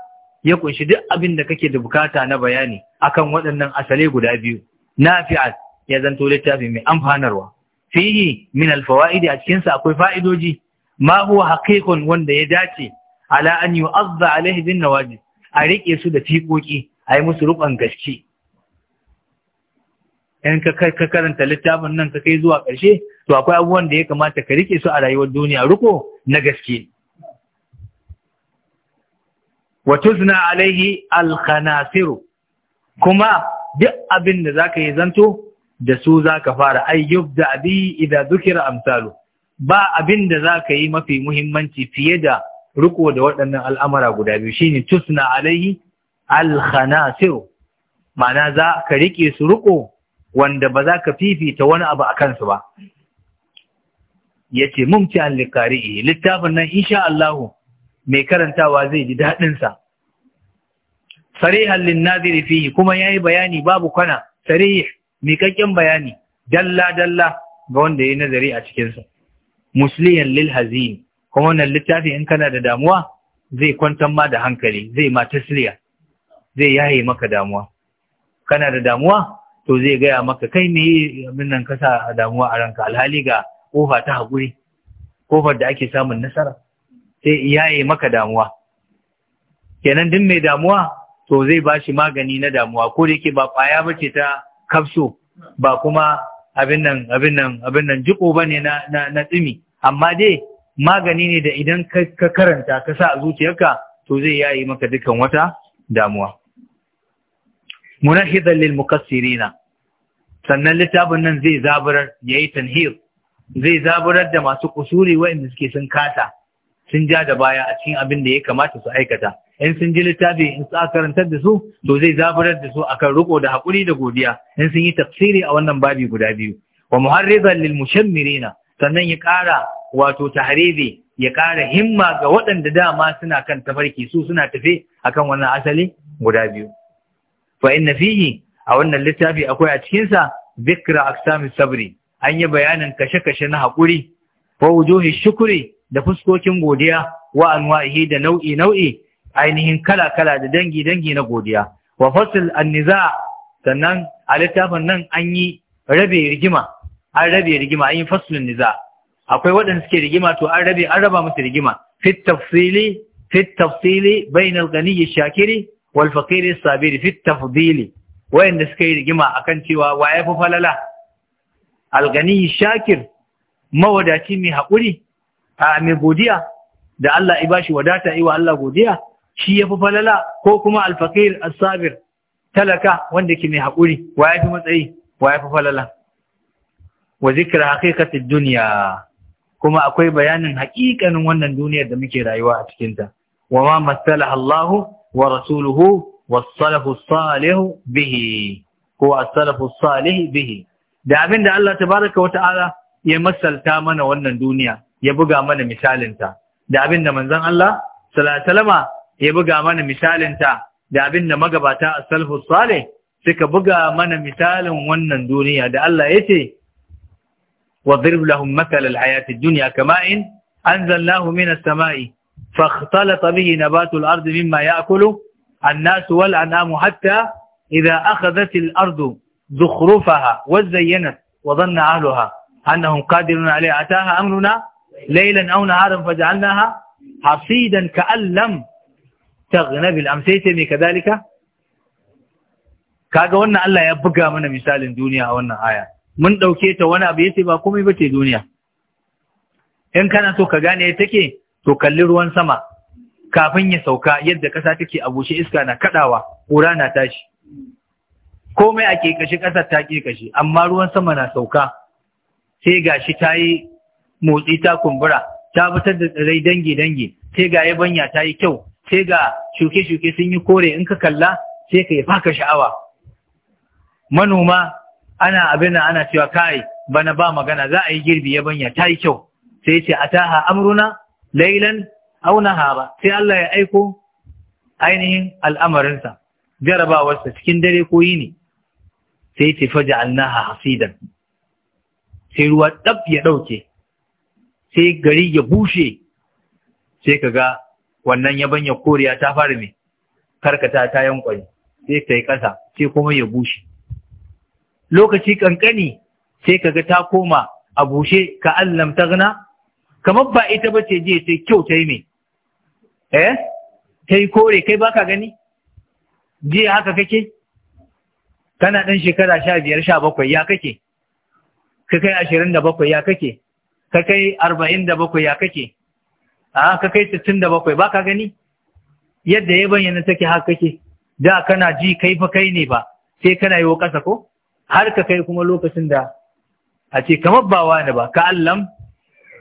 ya kunshi duk abin da kake da bukata na bayani akan waɗannan asale guda biyu nafi'at ya zanto littafi mai amfanarwa fihi min alfawaid a cikin sa akwai fa'idoji ma huwa haqiqun wanda ya dace ala an yu'azza alaihi bin nawajib a riƙe su da fiƙoƙi a yi musu rukan gaske in ka karanta littafin nan ka kai zuwa ƙarshe to akwai abubuwan da ya kamata ka rike su a rayuwar duniya riko na gaske WaTusna tuzna alaihi alkhanasiru kuma duk abin da ka yi zanto da su za ka fara ayyub da bi idan dhukira amsalu ba abin da ka yi mafi muhimmanci fiye da riko da waɗannan al'amura guda biyu shine Tusna alaihi alkhanasiru ma'ana za ka rike su riko wanda ba za ka fifita wani abu a kansu ba Ya mun mumti an liqari'i littafin nan insha Allah mai karantawa zai ji dadin sa sarihan naziri fihi kuma ya yi bayani babu kwana sarih miƙaƙƙen bayani dalla dalla ga wanda ya yi nazari a cikin sa musliyan lil hazin kuma wannan littafin in kana da damuwa zai kwantar ma da hankali zai ma tasliya zai yaye maka damuwa kana da damuwa to zai gaya maka kai me abin nan kasa damuwa a ranka alhali ga kofa ta haƙuri kofar da ake samun nasara sai yaye maka damuwa kenan din mai damuwa to zai ba shi magani na damuwa ko da yake ba ƙwaya ba ce ta kafso ba kuma abin nan abin nan abin nan jiko ba ne na na tsimi amma dai magani ne da idan ka karanta ka sa a zuciyarka to zai yayi maka dukan wata damuwa munahidan lil sannan littafin nan zai zabar yayi tanhir zai zaburar da masu kusuri waɗanda suke sun kasa sun ja da baya a cikin abin da ya kamata su aikata in sun ji littafi in su karantar da su to zai zaburar da su akan riko da haƙuri da godiya in sun yi tafsiri a wannan babi guda biyu wa muharrizan lil mushammirina sannan ya ƙara wato tahribi ya ƙara himma ga waɗanda dama suna kan tafarki su suna tafe akan wannan asali guda biyu fa inna fihi a wannan littafi akwai a cikinsa zikra aksamis sabri an yi bayanin kashe-kashe na haƙuri wa wujuhi shukuri da fuskokin godiya wa anwa'ihi da nau'i nau'i ainihin kala-kala da dangi-dangi na godiya wa fasil anniza sannan a littafin nan an yi rabe rigima an rabe rigima an yi faslun niza akwai waɗanda suke rigima to an rabe an raba musu rigima fit tafsili fit tafsili gani ya shakiri wal faqiri sabiri fit tafdili wayanda suka yi rigima akan cewa wa ya fi falala algani shakir mawadaci mai haƙuri a mai godiya da Allah ya bashi wadata iwa Allah godiya shi ya fi falala ko kuma alfaqir Asabir? talaka wanda ke mai haƙuri wa ya fi matsayi wa ya fi falala wa zikra haqiqatid duniya. kuma akwai bayanin haƙiƙanin wannan duniyar da muke rayuwa a cikin ta wa ma Allah wa rasuluhu wa salafu salihu bihi ko a salafu salihu bihi da abin da Allah tabaraka wa ta'ala ya masalta mana wannan duniya ya buga mana misalinta da abin da manzon Allah sallallahu ya buga mana misalinta da abin da magabata as salfus salih suka buga mana misalin wannan duniya da Allah yace wa lahum al-hayati ya ce وضرب لهم مثل الحياة الدنيا كماء bihi من al فاختلط mimma ya'kulu an مما wal الناس hatta idha akhadhat al الأرض زخرفها وزينت وظن أهلها أنهم قادرون عليها أتاها أمرنا ليلا أو نهارا فجعلناها حصيدا كأن لم تغنى بالأمسيتم كذلك kaga wannan Allah ya buga mana misalin duniya a wannan aya mun dauke ta wani abu yace ba komai bace duniya in kana so ka gane take to kalli ruwan sama kafin ya sauka yadda kasa take a bushe iska na kadawa ƙura na tashi komai a ke kashe ƙasar ta ke kashe amma ruwan sama na sauka sai ga shi ta yi motsi ta kumbura ta fitar da tsirai dangi-dangi sai ga yabanya ta yi kyau sai ga shuke-shuke sun yi kore in ka kalla sai ka yi faka sha'awa manoma ana abin ana cewa kai bana ba magana za a yi girbi yabanya ta yi kyau sai ce a ha amruna lailan aw nahara sai Allah ya aiko ainihin al'amarinsa jarabawarsa cikin dare ko yini sai ce alnaha hasidan sai ruwa dab ya ɗauke. sai gari ya bushe sai kaga wannan yaban ya koriya ta fara mai karkata ta yankwani sai ka yi ƙasa sai kuma ya bushe lokaci ƙanƙani sai kaga ta koma a bushe ka allam gana kamar ba ita bace je ta kyau ta yi mai. eh ta yi kore kai baka gani je haka kake kana ɗan shekara sha biyar sha bakwai ya kake ka kai ashirin da bakwai ya kake ka kai arba'in da bakwai ya kake a ka kai sittin da bakwai ba ka gani yadda ya bayyana take haka kake da kana ji kai fa kai ne ba sai kana yi wa ƙasa ko har ka kai kuma lokacin da a ce kamar ba wani ba ka allam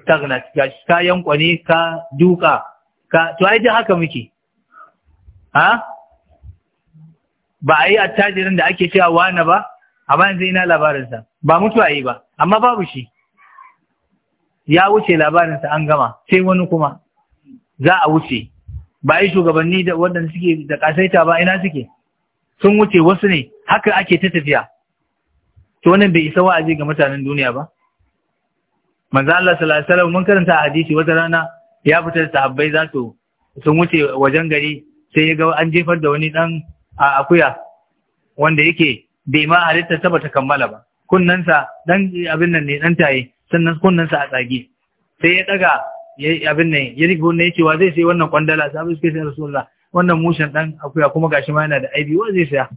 tagnat ka yankwane ka duka ka to ai da haka muke ha ba a yi attajirin da ake cewa wane ba a bayan zai ina labarinsa ba mutu a yi ba amma babu shi ya wuce labarinsa an gama sai wani kuma za a wuce ba a yi shugabanni da waɗanda suke da ƙasaita ba ina suke sun wuce wasu ne haka ake ta tafiya to wannan bai isa wa'azi ga mutanen duniya ba manzo Allah sallallahu alaihi mun karanta a hadisi wata rana ya fitar sahabbai za su sun wuce wajen gari sai ya ga an jefar da wani dan a akuya wanda yake bai ma halitta ta bata kammala ba kunnansa dan abin nan ne dan taye sannan kunnansa a tsage sai ya daga abin nan ya rigo ne wa zai sai wannan kwandala sabu sai sai rasulullah wannan mushen dan akuya kuma gashi ma yana da aibi wa zai saya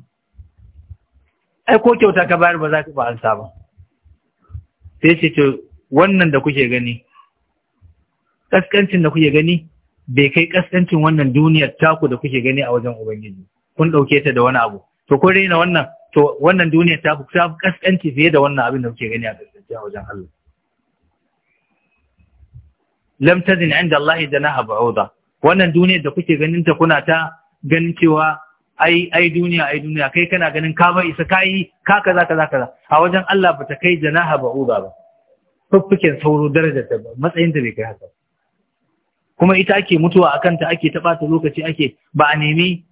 ai ko kyauta ka bayar ba za ka ba ansa ba sai ce to wannan da kuke gani kaskancin da kuke gani bai kai kaskancin wannan duniyar taku da kuke gani a wajen ubangiji kun ɗauke ta da wani abu to kun raina wannan to wannan duniya ta fi ta fiye da wannan abin da kuke gani a kaskanci a wajen Allah lam tazin inda Allah da na ba'uda wannan duniya da kuke ganin ta kuna ta ganin cewa ai ai duniya ai duniya kai kana ganin ka bai isa kai ka kaza kaza kaza a wajen Allah ba ta kai janaha ba'uda ba fuffuken sauro darajar ta ba matsayin ta bai kai haka kuma ita ake mutuwa akan ta ake ta bata lokaci ake ba a nemi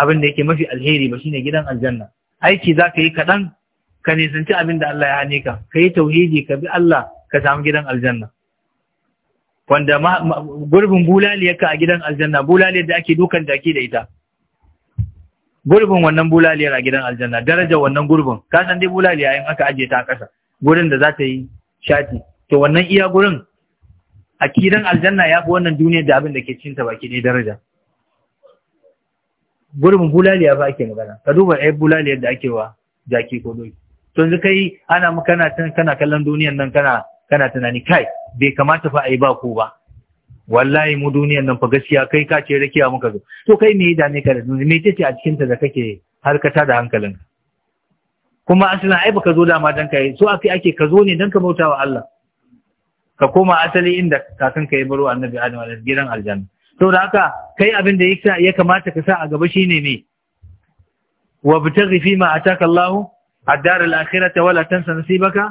abin da yake mafi alheri ba shine gidan aljanna aiki za ka yi kaɗan ka nisanci abin da Allah ya hane ka ka yi tauhidi ka bi Allah ka samu gidan aljanna wanda gurbin bulaliyarka a gidan aljanna bulaliyar da ake dukan jaki da ita gurbin wannan bulaliyar a gidan aljanna daraja wannan gurbin ka san dai bulaliya in aka aje ta a ƙasa gurin da za ta yi shati to wannan iya gurin a gidan aljanna ya fi wannan duniyar da abin da ke cinta baki ne daraja gurbin bulaliya ba ake magana ka duba ai bulaliyar da ake wa jaki ko doki to yanzu kai ana kana kana kallon duniyan nan kana kana tunani kai bai kamata fa ai ba ko ba wallahi mu duniyan nan fa gaskiya kai ka ce rakiya muka zo to kai me ya dame ka da me tace a cikin ta da kake harkata da hankalin kuma asalin ai baka zo dama dan kai so akai ake ka zo ne dan ka bautawa Allah ka koma asali inda kakan ka yi baro annabi Adam a gidan aljanna to da haka kai abin da ya kamata ka sa a gaba shine ne wa bitaghi fi ma ataka Allahu ad-dar al-akhirata wala tansa nasibaka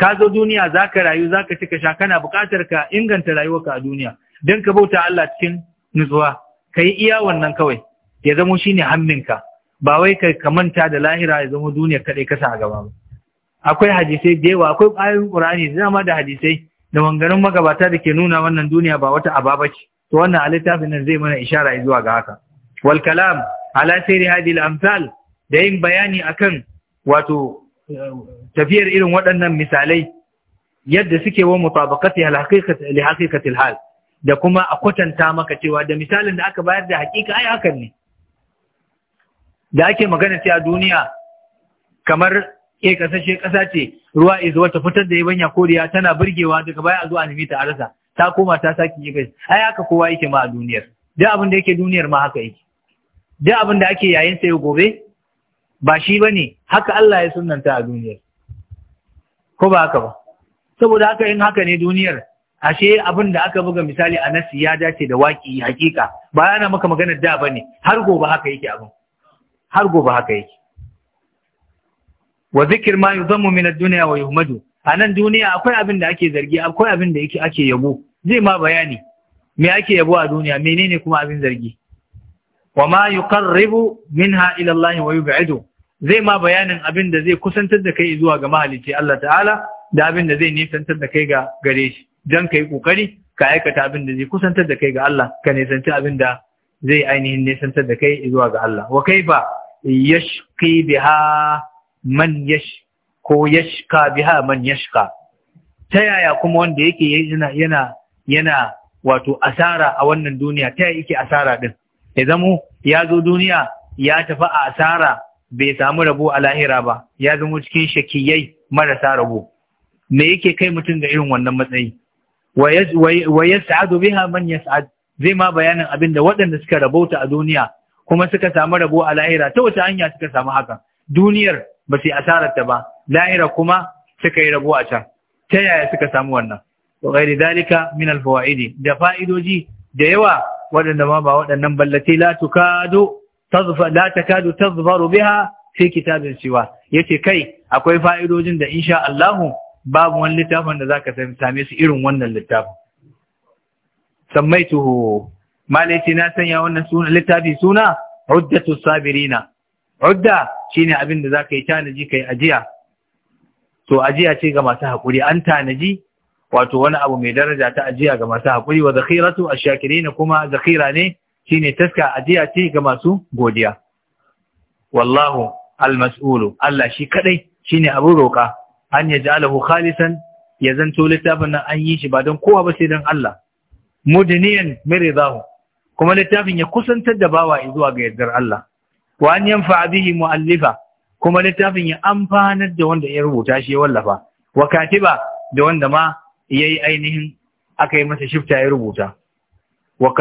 ka zo duniya zaka rayu zaka ci ka sha kana bukatar ka inganta rayuwarka a duniya dan ka bauta Allah cikin nutsuwa kai iya wannan kawai ya zamo shine hamminka ba wai kai ka manta da lahira ya zama duniya kadai ka a gaba ba akwai hadisai da yawa akwai ayoyin Qur'ani da dama da hadisai da wangarin magabata da ke nuna wannan duniya ba wata ababaci. to wannan alittafin nan zai mana ishara zuwa ga haka wal kalam ala sayri hadi al da yin bayani akan wato tafiyar irin waɗannan misalai yadda suke wa mutabaqati al-haqiqati li haqiqati al-hal da kuma a kwatanta maka cewa da misalin da aka bayar da hakika ai hakan ne da ake magana cewa duniya kamar ke kasashe kasa ce ruwa izuwa ta fitar da yabanya koriya tana burgewa daga baya a zuwa nemi ta arsa ta koma ta sake yi gaji ai haka kowa yake ma a duniyar duk abin da yake duniyar ma haka yake duk abin da ake yayin sa gobe ba shi bane haka Allah ya sunnanta a duniyar ko ba haka ba saboda haka in haka ne duniyar ashe abin da aka buga misali a nasi ya dace da waki hakika ba yana maka maganar da bane har gobe haka yake abin har gobe haka yake wa zikir ma yuzammu min ad-dunya wa yuhmadu a nan duniya akwai abin da ake zargi akwai abin da ake yabo zai ma bayani me ake yabo a duniya menene kuma abin zargi wa ma yuqarribu minha ila Allah wa yub'idu zai ma bayanin abin da zai kusantar da kai zuwa ga mahalicci Allah ta'ala da abin da zai nisantar da kai ga gare shi dan kai kokari ka aikata abin da zai kusantar da kai ga Allah ka nisanci abin da zai ainihin nisantar da kai zuwa ga Allah wa kaifa yashqi biha man yashqi ko yashka biha man yashka ta yaya kuma wanda yake yana yana yana wato asara a wannan duniya ta yaya yake asara din ya zamo ya zo duniya ya tafi a asara bai samu rabo a lahira ba ya zama cikin shakiyai marasa rabo me yake kai mutum ga irin wannan matsayi wa yas'adu biha man yas'ad zai ma bayanin abin da waɗanda suka rabauta a duniya kuma suka samu rabo a lahira ta wace hanya suka samu haka duniyar ba su yi asarar ta ba lahira kuma suka yi rabo a can ta yaya suka samu wannan wa ghairi dalika min alfawa'idi, fawaidi da fa'idoji da yawa waɗanda ma ba waɗannan ballati la tukadu tazfa la takadu biha fi kitabin siwa yace kai akwai fa'idojin da insha Allah babu wani littafin da zaka same su irin wannan littafin sammaituhu malaiti na sanya wannan suna littafi suna uddatu sabirina udda shine abin da zaka yi tanaji kai ajiya to ajiya ce ga masu hakuri an tanaji wato wani abu mai daraja ta ajiya ga masu hakuri wa zakhiratu ash-shakirin kuma zakhira ne shine taska ajiya ce ga masu godiya wallahu al-mas'ulu Allah shi kadai shine abu roka an yaj'alahu khalisan ya zanto littafin nan an yi shi ba don kowa ba sai don Allah mudaniyan miridahu kuma littafin ya kusantar da bawa zuwa ga yardar Allah wa an yanfa mu'allifa kuma littafin ya amfanar da wanda ya rubuta shi ya wallafa wa katiba da wanda ma yayi ainihin aka yi masa shifta ya rubuta wa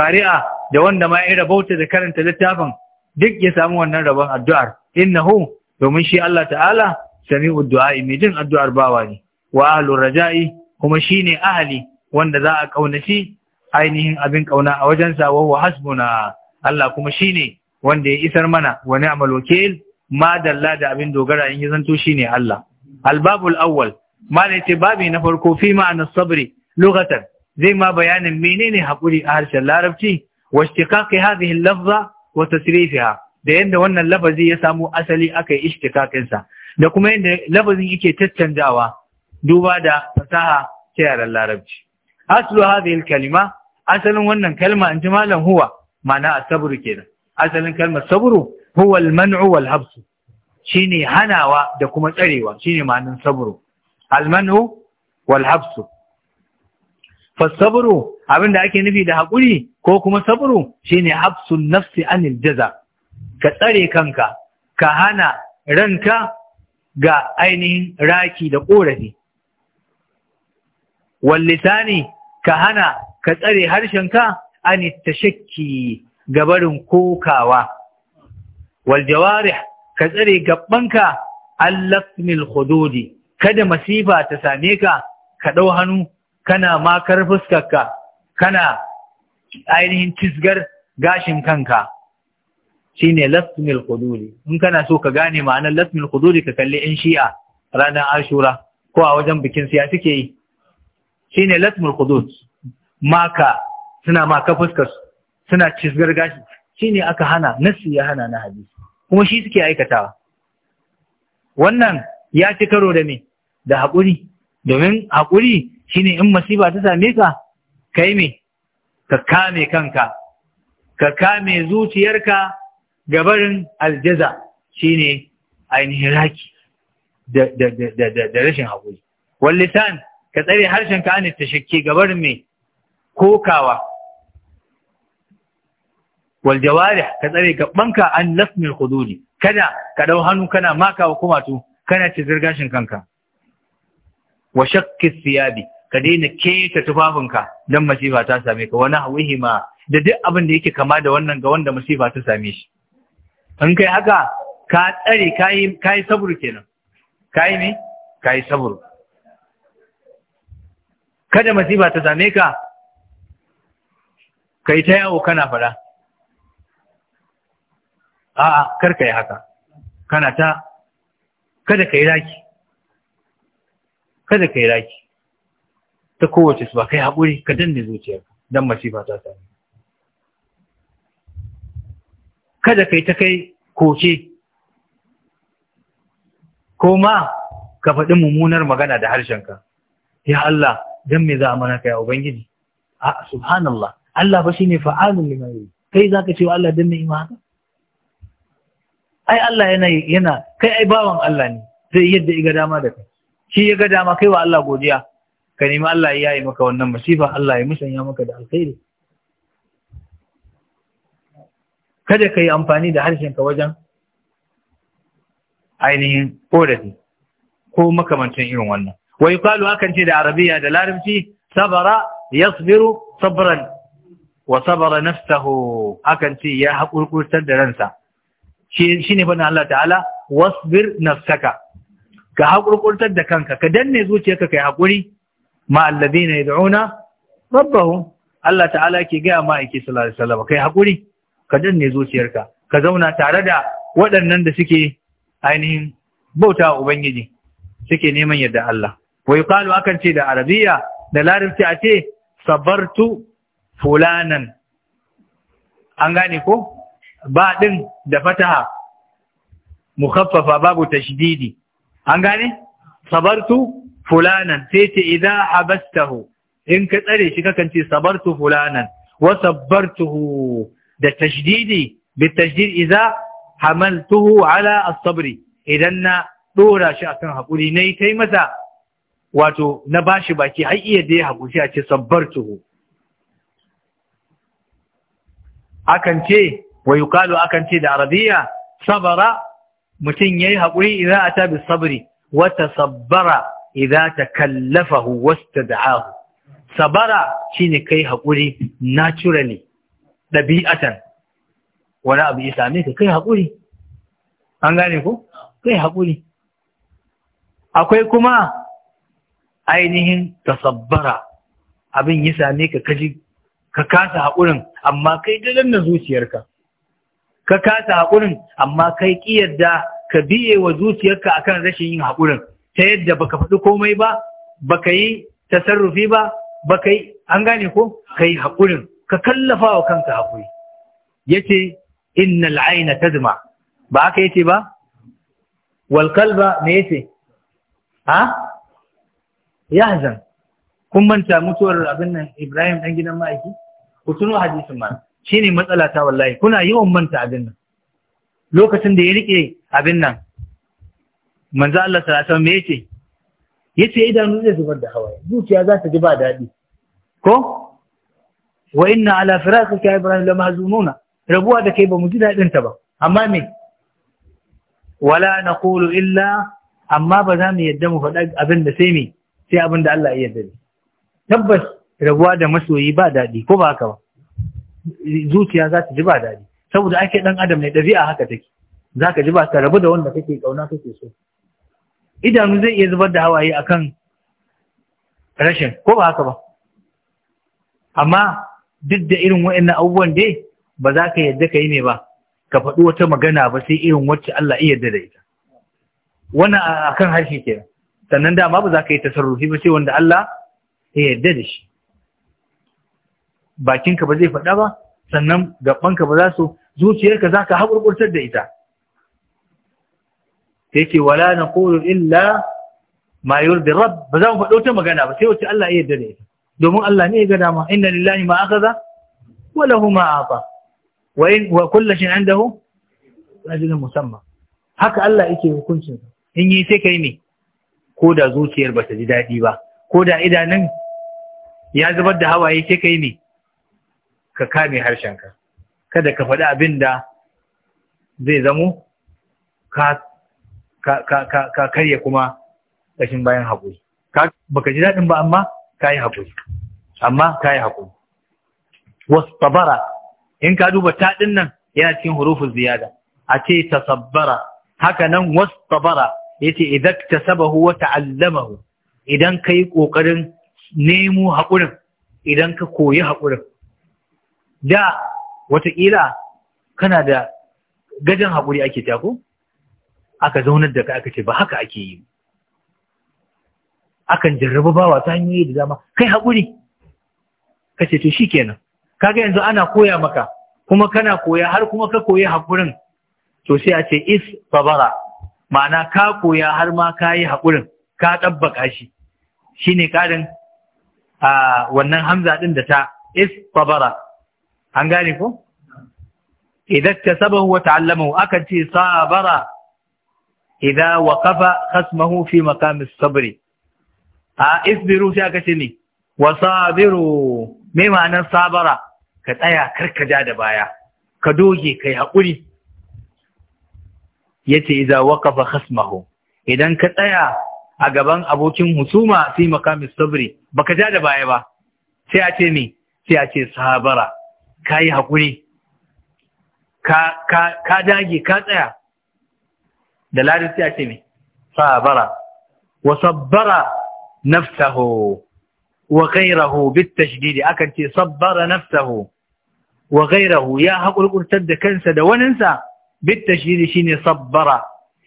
da wanda ma ya rabauta da karanta littafin duk ya samu wannan rabon addu'ar innahu domin shi Allah ta'ala Sami uddu'a'i, mai jin addu'ar bawa ne wa ahlur raja'i kuma shine ahali wanda za a ƙaunaci ainihin abin ƙauna a wajensa wa hasbuna Allah kuma shine wanda ya isar mana wani amal wakil ma dalla da abin dogara in ya zanto shine Allah albabul awwal malai ce babi na farko fi ma'ana sabri lugatan zai ma bayanin menene hakuri a harshen larabci wa ishtiqaqi hadhihi lafza wa tasrifiha da yadda wannan lafazi ya samu asali aka yi ishtiqaqin da kuma yadda lafazin yake tattanjawa duba da fasaha ta yaren larabci aslu hadhihi kalima asalin wannan kalma in ji malam huwa ma'ana asabru kenan asalin kalmar sabru huwa almanu wal habsu shine hanawa da kuma tsarewa shine ma'anin sabru almanu wal habsu fa Saburo abinda ake nufi da hakuri ko kuma sabru shine habsu nafsi anil jaza ka tsare kanka ka hana ranka ga ainihin raki da ƙorafi wal lisani ka hana ka tsare harshenka an tashakki gabarin kokawa wal jawarih ka tsare gabbanka allatmil hududi kada masifa ta same ka ka ɗau hannu kana makar fuskarka kana ainihin tisgar gashin kanka shine lasmil hududi in kana so ka gane ma'anar lasmil hududi ka kalli in shi'a ranar ashura ko a wajen bikin siya suke yi shine lasmil hudud maka suna maka fuskar suna cizgar gashi shine aka hana nasu ya hana na hadisi kuma shi suke aikatawa wannan ya ci karo da me da haƙuri domin haƙuri shine in masifa ta same ka kai me ka kame kanka ka kame zuciyarka gabarin aljaza shine ainihin raki da rashin haƙuri wallisan ka tsare harshen ka ne ta shakke gabarin mai kokawa wal ka tsare gabanka an lasmil khududi kada ka dau hannu kana maka makawa kumatu kana ci zirgashin kanka wa shakki siyabi ka daina keta tufafinka dan masifa ta same ka wani hawihima da duk abin da yake kama da wannan ga wanda masifa ta same shi in kai haka ka tsare kayi kayi sabur kenan kayi ne kayi sabur kada masifa ta same ka kai ta yawo kana fara a'a kar ka yi haka kana ta kada ka yi raki kada ka yi raki ta kowace su ba kai haƙuri ka danne zuciyar don masifa ta sami kada kai ta kai koke ko ma ka faɗi mummunar magana da harshenka ya Allah don me za a mana kai ubangiji a subhanallah Allah ba shi fa'alun fa'adun yi kai ka ce wa Allah danne ima haka ai Allah yana yana kai ai bawan Allah ne zai yadda ya ga dama da kai shi ya ga dama kai wa Allah godiya ka nemi Allah ya yi maka wannan masifa Allah ya musanya maka da alkhairi kada ka yi amfani da harshen ka wajen ainihin korafi ko makamancin irin wannan wai kalu akan ce da arabiya da larabci sabara yasbiru sabran wa sabara nafsahu akan ce ya haƙurƙurtar da ransa shi ne bana Allah ta'ala wasbir nafsaka ka hakurkurtar da kanka ka danne zuciyarka kai hakuri ma na yad'una rabbahum Allah ta'ala ke gaya ma aiki sallallahu alaihi wasallam kai hakuri ka danne zuciyarka ka zauna tare da waɗannan da suke ainihin bauta ubangiji suke neman yadda Allah wa yuqalu akan ce da arabiya da larabci a ce sabartu fulanan an gane ko ba ɗin da fataha mukhaffafa babu tashdidi an gane sabartu fulanan sai ce idan habastahu in ka tsare shi kakan ce sabartu fulanan wa sabartuhu da tashdidi bi tashdid idan hamaltuhu ala as-sabri idan na dora shi a kan hakuri nayi kai masa wato na bashi baki ai iya ya hakuri a ce sabartuhu akan ce wa yuqalu akan ce da arabiya sabara mutum yayi hakuri idza ata bis sabri wa tasabbara idza takallafahu wastad'ahu sabara shine kai hakuri naturally dabi'atan wani abu ya same ka kai hakuri an gane ko kai hakuri akwai kuma ainihin tasabbara abin ya same ka kaji ka kasa haƙurin amma kai gadan na zuciyarka ka kasa haƙurin amma kai ƙi yadda ka biye wa zuciyarka akan rashin yin haƙurin ta yadda baka faɗi komai ba baka yi tasarrufi ba baka yi an gane ko ka haƙurin ka kallafa wa kanka haƙuri yace innal aina tadma ba haka yace ba wal qalba me yace ha yahzan kun manta mutuwar abin nan Ibrahim dan gidan ma'aiki ku tuno hadisin ma Shi ne matsala ta wallahi kuna yawan manta abin nan lokacin da ya rike abin nan manzo Allah sallallahu alaihi wasallam me yace yace idanu zai zubar da hawaye zuciya za ta ji ba dadi ko wa inna ala firaqika ibrahim la mahzununa rabuwa da kai ba mu ji daɗin ta ba amma me wala naqulu illa amma ba za mu yadda mu faɗa abin da sai me sai abin da Allah ya yarda tabbas rabuwa da masoyi ba daɗi ko ba haka ba zuciya za ta ji ba daɗi saboda ake ɗan adam ne ɗabi'a haka take za ka ji ba ka rabu da wanda kake ƙauna kake so idanu zai iya zubar da hawaye akan rashin ko ba haka ba amma duk da irin wa'annan abubuwan dai ba za ka yadda ka yi ne ba ka faɗi wata magana ba sai irin wacce Allah iya yadda da ita wannan akan harshe kenan sannan dama ba za ka yi tasarrufi ba sai wanda Allah ya yadda da shi bakinka ba zai faɗa ba sannan gabanka ba za su zuciyarka za ka haƙurƙurtar da ita ta yake wala na ƙoro illa mayor da rab ba za mu faɗo ta magana ba sai wacce Allah ya yarda da ita domin Allah ne ya gada ma inda lillahi ma aka za? Wala hu ma aka wa in an kullu shay'in indahu ajrun haka Allah yake hukuncin in yi sai kai ne ko da zuciyar ba ta ji daɗi ba ko da idanun ya zubar da hawaye sai kai ne ka kame harshen ka, kada ka faɗi abin da zai zamo ka karya kuma ƙashin bayan haƙuri baka ji daɗin ba amma ka yi haƙuri amma ka yi haƙuri wasu tabara in ka duba taɗin nan yana cikin hurufin ziyada a ce tasabbara haka nan wasu tabara ya ce idan ta sabahu wa ta'allamahu idan ka yi ƙoƙarin nemo haƙurin idan ka koyi haƙurin da watakila kana da gajin haƙuri ake tako aka zaunar da ka aka ce ba haka ake yi akan jarraba bawa ta hanyoyi da dama kai haƙuri ka ce to shikenan kaga yanzu ana koya maka kuma kana koya har kuma ka koyi haƙurin to sai a ce is babara ma'ana ka koya har ma ka yi haƙurin ka ɗabbaka shi shine ƙarin a wannan hamza ɗin da ta is babara an gane ko idan kasabahu wa ta'allamahu akan ce sabara Idan waqafa khasmahu fi makamis sabri, a isbiru sai aka ce ne wa sabiru me ma'anar sabara ka tsaya karka ja da baya ka doge kai haƙuri yace idan waqafa khasmahu idan ka tsaya a gaban abokin husuma fi makamis sabri, ba ka ja da baya ba sai a ce ne sai a ce sabara ka yi haƙuri ka dage ka tsaya da ladin sai a ce mai sabara wa sabbara naftaho, wa ghairahu bit tashdidi akan ce sabbara naftaho. wa ghairahu ya haƙurƙurtar da kansa da waninsa bit tashdidi ne sabbara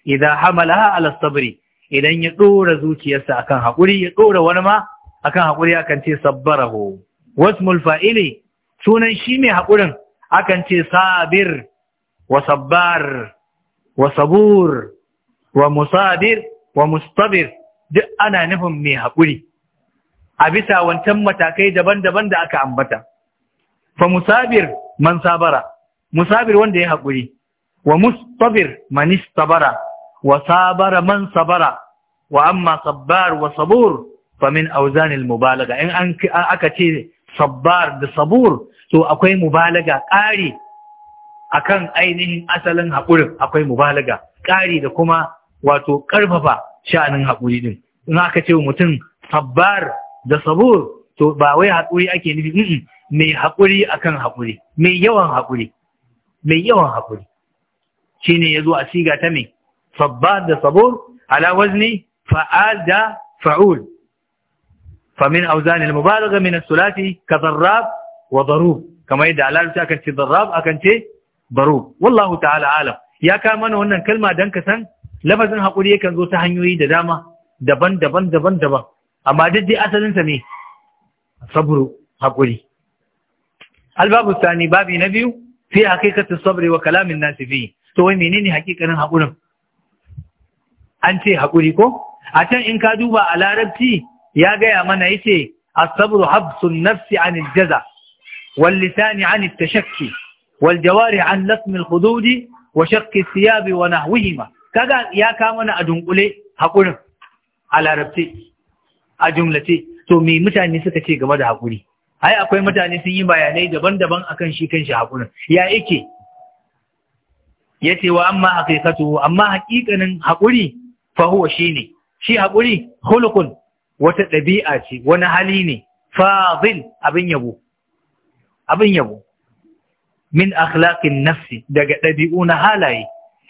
Idan hamalaha ala sabri idan ya ɗora zuciyarsa akan haƙuri ya ɗora wani ma akan haƙuri akan ce sabbarahu wasu mulfa'ili. sunan shi mai haƙurin akan ce sabir wa sabbar wa sabur wa musabir wa mustabir duk ana nufin mai haƙuri a bisa wancan matakai daban-daban da aka ambata fa musabir man sabara musabir wanda ya haƙuri wa mustabir man istabara wa sabara man sabara wa amma sabbar wa sabur fa min auzanil mubalaga in an aka ce sabbar da sabur to akwai mubalaga ƙari akan ainihin asalin haƙurin akwai mubalaga ƙari da kuma wato ƙarfafa sha'anin haƙuri ɗin in aka ce mutum sabbar da sabur to ba wai haƙuri ake nufi mai haƙuri akan haƙuri mai yawan haƙuri mai yawan haƙuri shine zo a siga ta mai sabbar da sabur ala wazni fa'al da fa'ul famin auzanil mubalaga min as-sulati ka zarrab wa darub kamar yadda alarci akan ce darab akan ce wallahu ta'ala alam ya ka mana wannan kalma dan ka san lafazin haƙuri yakan zo ta hanyoyi da dama daban-daban daban-daban amma duk dai asalin sa ne sabru haƙuri albabu sani babi na biyu fi haqiqatu sabri wa kalamin nasi fi to wai menene haƙiƙanin haƙurin an ce haƙuri ko a can in ka duba a larabci ya gaya mana yace as-sabru habsun nafsi anil jaza واللسان عن التشكي والجوارح عن لطم الخدود وشق الثياب ونحوهما kaga ya ka mana a dunkule haƙurin a larabce a jumlace to me mutane suka ce game da haƙuri ai akwai mutane sun yi bayanai daban-daban akan shi kan shi haƙurin ya ya ce wa amma haƙiƙatu amma haƙiƙanin haƙuri fa shine shi haƙuri hulukun wata ɗabi'a ce wani hali ne fadil abin yabo abin yabo min akhlaqin nafsi daga ɗabi'u na halaye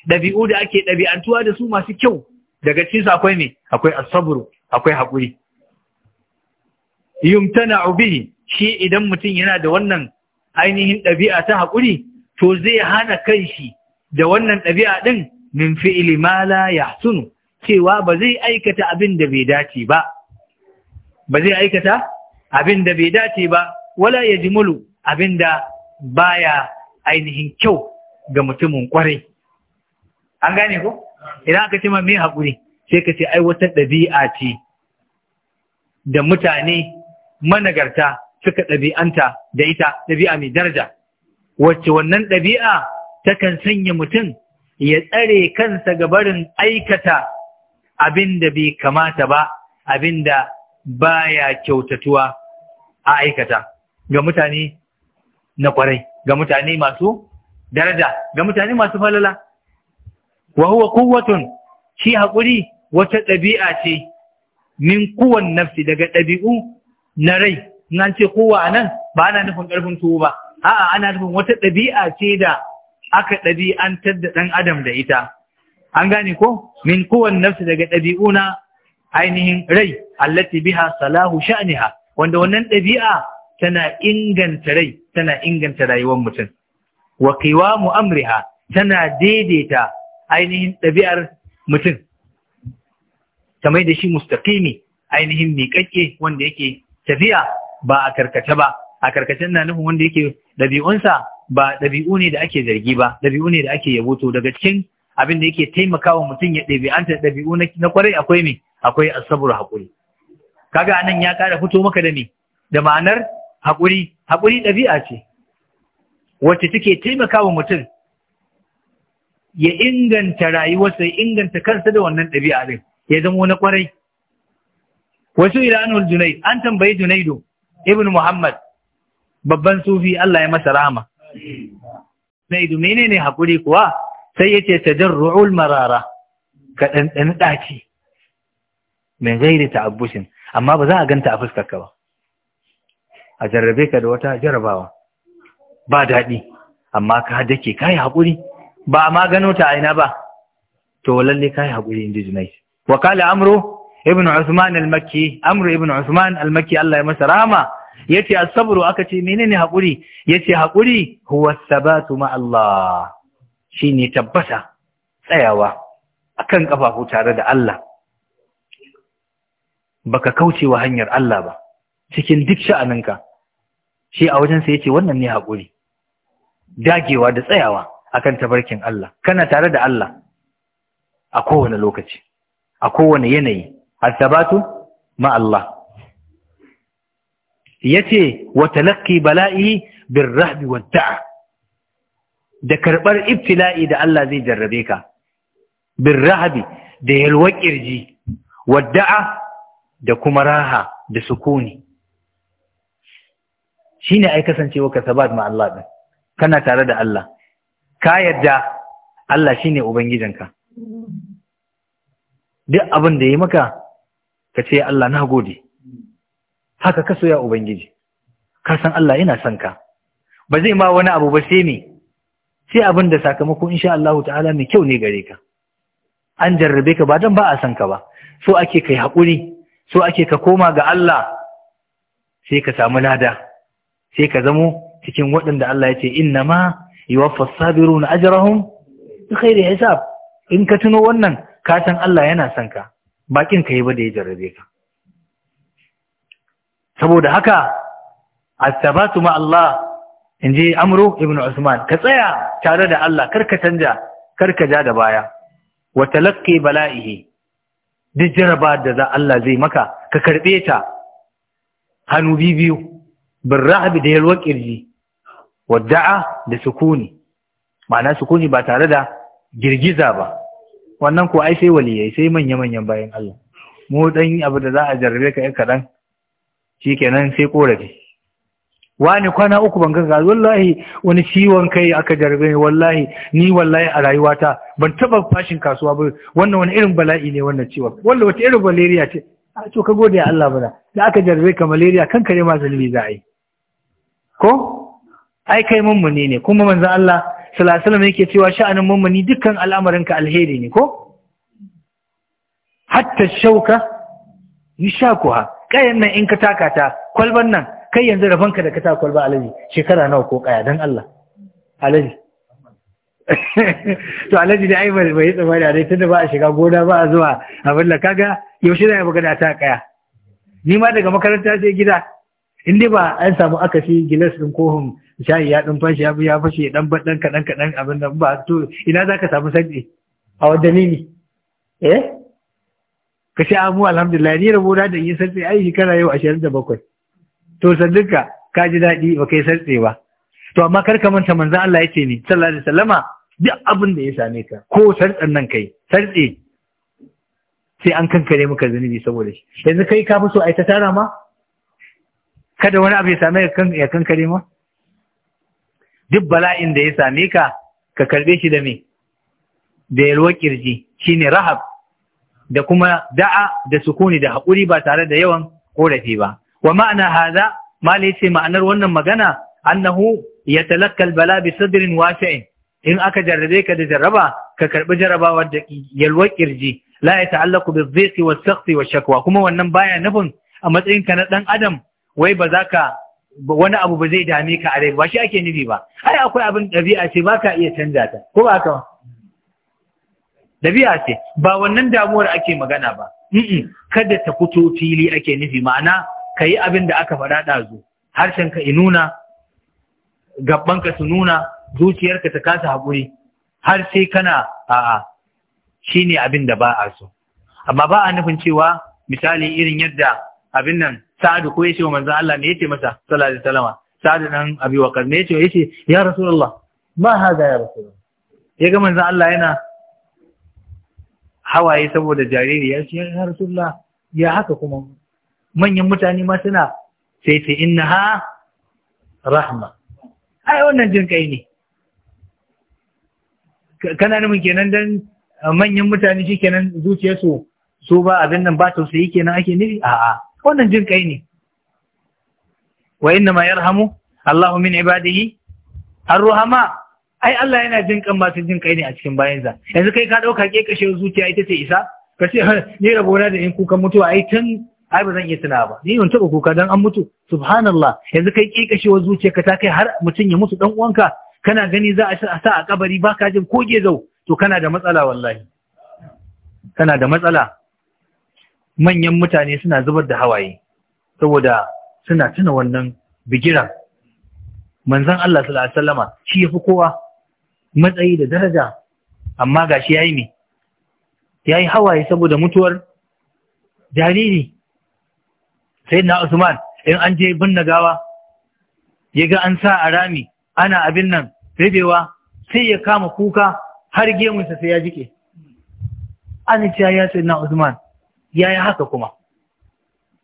ɗabi'u da ake ɗabi'antuwa da su masu kyau daga cikinsu akwai ne akwai asabru akwai hakuri yumtana bihi shi idan mutum yana da wannan ainihin ɗabi'a ta hakuri to zai hana kanshi da wannan ɗabi'a ɗin min fi'li ma la yahsunu cewa ba zai aikata abin da bai dace ba ba zai aikata abin da bai dace ba wala yajmulu abinda baya ainihin kyau ga mutumin kwarai an gane ko idan aka ce ma me haƙuri sai ka ce ai wata ɗabi'a ce da mutane managarta suka ɗabi'anta da ita ɗabi'a mai daraja wacce wannan ɗabi'a takan sanya mutum ya tsare kansa ga barin aikata abin da bai kamata ba abin da baya kyautatuwa a aikata ga mutane na kwarai ga mutane masu daraja ga mutane masu falala wa huwa quwwatun shi hakuri wata ɗabi'a ce min kuwan nafsi daga ɗabi'u na rai na ce kowa anan ba ana nufin karfin tuwo ba a'a ana nufin wata ɗabi'a ce da aka ɗabi'antar da ɗan adam da ita an gane ko min kuwan nafsi daga ɗabi'u na ainihin rai allati biha salahu sha'niha wanda wannan ɗabi'a tana inganta rai tana inganta rayuwar mutum wa qiwamu amriha tana daidaita ainihin ɗabi'ar mutum ta mai da shi mustaqimi ainihin miƙaƙƙe wanda yake tafiya ba a karkace ba a karkace na nufin wanda yake ɗabi'unsa ba ɗabi'u ne da ake zargi ba ɗabi'u ne da ake yabuto daga cikin abin da yake taimakawa mutum ya ɗabi'anta ɗabi'u na kwarai akwai me akwai asabur haƙuri kaga anan ya ƙara fito maka da me da ma'anar haƙuri haƙuri ɗabi'a ce wacce take taimakawa mutum ya inganta rayuwarsa ya inganta kansa da wannan ɗabi'a ɗin ya zama na ƙwarai wasu ilanul junaid an tambayi junaidu ibn muhammad babban sufi Allah ya masa rahama junaidu ne haƙuri kuwa sai ya ce yace ru'ul marara ka ɗanɗan ɗaci min gairi ta'abbushin amma ba za a ganta a fuskar ka ba a jarrabe ka da wata jarrabawa ba daɗi amma ka dake ka yi haƙuri ba ma gano ta aina ba to lalle ka yi haƙuri inji jinai wa kala amro ibn usman al-makki amro ibn usman al-makki Allah ya masa rahama yace as-sabru aka ce menene haƙuri yace haƙuri huwa sabatu ma Allah shine tabbata tsayawa akan kafafu tare da Allah baka kauce wa hanyar Allah ba cikin duk sha'aninka shi a wajen ya ce wannan ne hakuri. dagewa da tsayawa akan tabarkin Allah kana tare da Allah a kowane lokaci a kowane yanayi al-thabatu ma Allah yace wa talaqqi bala'i birrahbi wadda'a da karɓar ibtila'i da Allah zai jarrabe ka birrahbi da yalwa kirji wadda'a da kuma raha da sukuni Shi ne ai kasancewa ka sabat ma Allah din kana tare da Allah ka yadda Allah shine ubangijinka duk abin da yi maka ka ce Allah na gode haka ka soya ubangiji ka san Allah yana son ka ba zai ma wani abu ba sai me sai abin da sakamako insha Allah ta'ala mai kyau ne gare ka an jarrabe ka ba dan ba a san ka ba so ake kai hakuri so ake ka koma ga Allah sai ka samu lada sai ka zamo cikin waɗanda Allah ya ce inna ma yuwaffa sabiruna ajrahum bi da hisab in ka tuno wannan ka Allah yana son ka baƙin ka yi ba da ya jarrabe ka saboda haka a sabatu ma in je Amru ibn Usman ka tsaya tare da Allah karka canja karka ja da baya wata lakke bala'ihi duk jaraba da za Allah zai maka ka karɓe ta hannu biyu birrahabi da yalwar kirji wadda'a da sukuni ma'ana sukuni ba tare da girgiza ba wannan ko ai sai waliyai sai manya-manyan bayan Allah mu dan abu da za a jarrabe ka yan kaɗan shikenan sai korafi wani kwana uku ban ganka wallahi wani ciwon kai aka jarrabe ni wallahi ni wallahi a rayuwata ban taba fashin kasuwa ba wannan wani irin bala'i ne wannan ciwon wallahi wata irin malaria ce a to ka gode Allah bana da aka jarrabe ka malaria kanka ne ma zalimi za a yi ko ai kai mummuni ne kuma manzo Allah sallallahu alaihi wasallam yake cewa sha'anin mummuni dukkan al'amarinka alheri ne ko hatta shauka yishakuha kayan nan in ka taka ta kwalban nan kai yanzu rabanka da ka ta kwalba alaji shekara nawa ko kaya dan Allah alaji to alaji da ai bai yi tsamari a dai tunda ba a shiga gona ba a zuwa abin da kaga yaushe zai a buga da ta kaya ni ma daga makaranta sai gida in dai ba an samu akasi gilas din kohon shayi ya ɗin fashi ya bi ya fashe dan baɗan kaɗan kaɗan abin da ba to ina za ka samu sadi a ne ne. eh ka ce amu alhamdulillah ni rabo da in yi sartse ai shekara yau ashirin da bakwai to sandunka ka ji daɗi ba kai sartse ba to amma kar ka manta manzan Allah ya ce ni sallallahu alaihi wasallama duk abin da ya same ka ko sartsen nan kai sartse sai an kankare maka zunubi saboda shi yanzu kai ka fi so ai ta tara ma kada wani abu ya same ya kankare ma duk bala'in da ya same ka ka karbe shi da me da yalwar kirji shine rahab da kuma da'a da sukuni da haƙuri ba tare da yawan ƙorafi ba wa ma'ana haza mali ce ma'anar wannan magana annahu ya talakkal bala bi sadrin wasi'in in aka jarrabe ka da jarraba ka karbi jarrabawar da yalwar kirji la ya ta'allaku bi dhiqi wa wa shakwa kuma wannan baya nufin a matsayin ka na dan adam wai ba za ka wani abu ba zai dame ka a rai ba shi ake nufi ba ai akwai abin ɗabi'a ce ba ka iya canza ta ko ba haka ɗabi'a ce ba wannan damuwar ake magana ba kada ta fito fili ake nufi ma'ana ka yi abin da aka faɗa ɗazu ka inuna nuna gabanka su nuna zuciyarka ta kasa haƙuri har sai kana a'a shine abin da ba a so amma ba a nufin cewa misali irin yadda abin nan Sa'adu ko yace wa manzon Allah ne yace masa sallallahu alaihi wasallam Sa'adu dan abi waqar ne yace yace ya rasulullah ma hada ya rasulullah yaga manzon Allah yana hawaye saboda jariri ya ce ya rasulullah ya haka kuma manyan mutane ma suna sai ce innaha rahma ai wannan jin kai ne kana nufin kenan dan manyan mutane shi kenan zuciyarsu su ba abin nan ba tausayi kenan ake nufi a'a wannan jin kai ne wa inna ma yarhamu Allahu min ibadihi ar ai Allah yana jin kan masu jin kai ne a cikin za yanzu kai ka dauka ke kashe zuciya ita ce isa ka ce ni na da in kuka mutuwa ai tun ai ba zan iya tuna ba ni ban taba kuka dan an mutu subhanallah yanzu kai ke kashe zuciya ka ta kai har mutum ya mutu dan uwanka kana gani za a sa a kabari baka jin ko zau? to kana da matsala wallahi kana da matsala manyan mutane suna zubar da hawaye saboda suna tuna wannan bigiran manzon Allah sallallahu alaihi wasallama shi yafi kowa matsayi da daraja amma gashi yayi ne yayi hawaye saboda mutuwar jariri na Usman in an je bin gawa ya ga an sa a rami ana abin nan rabewa sai ya kama kuka har gemunsa sai ya jike an ce ya na Usman ya yi haka kuma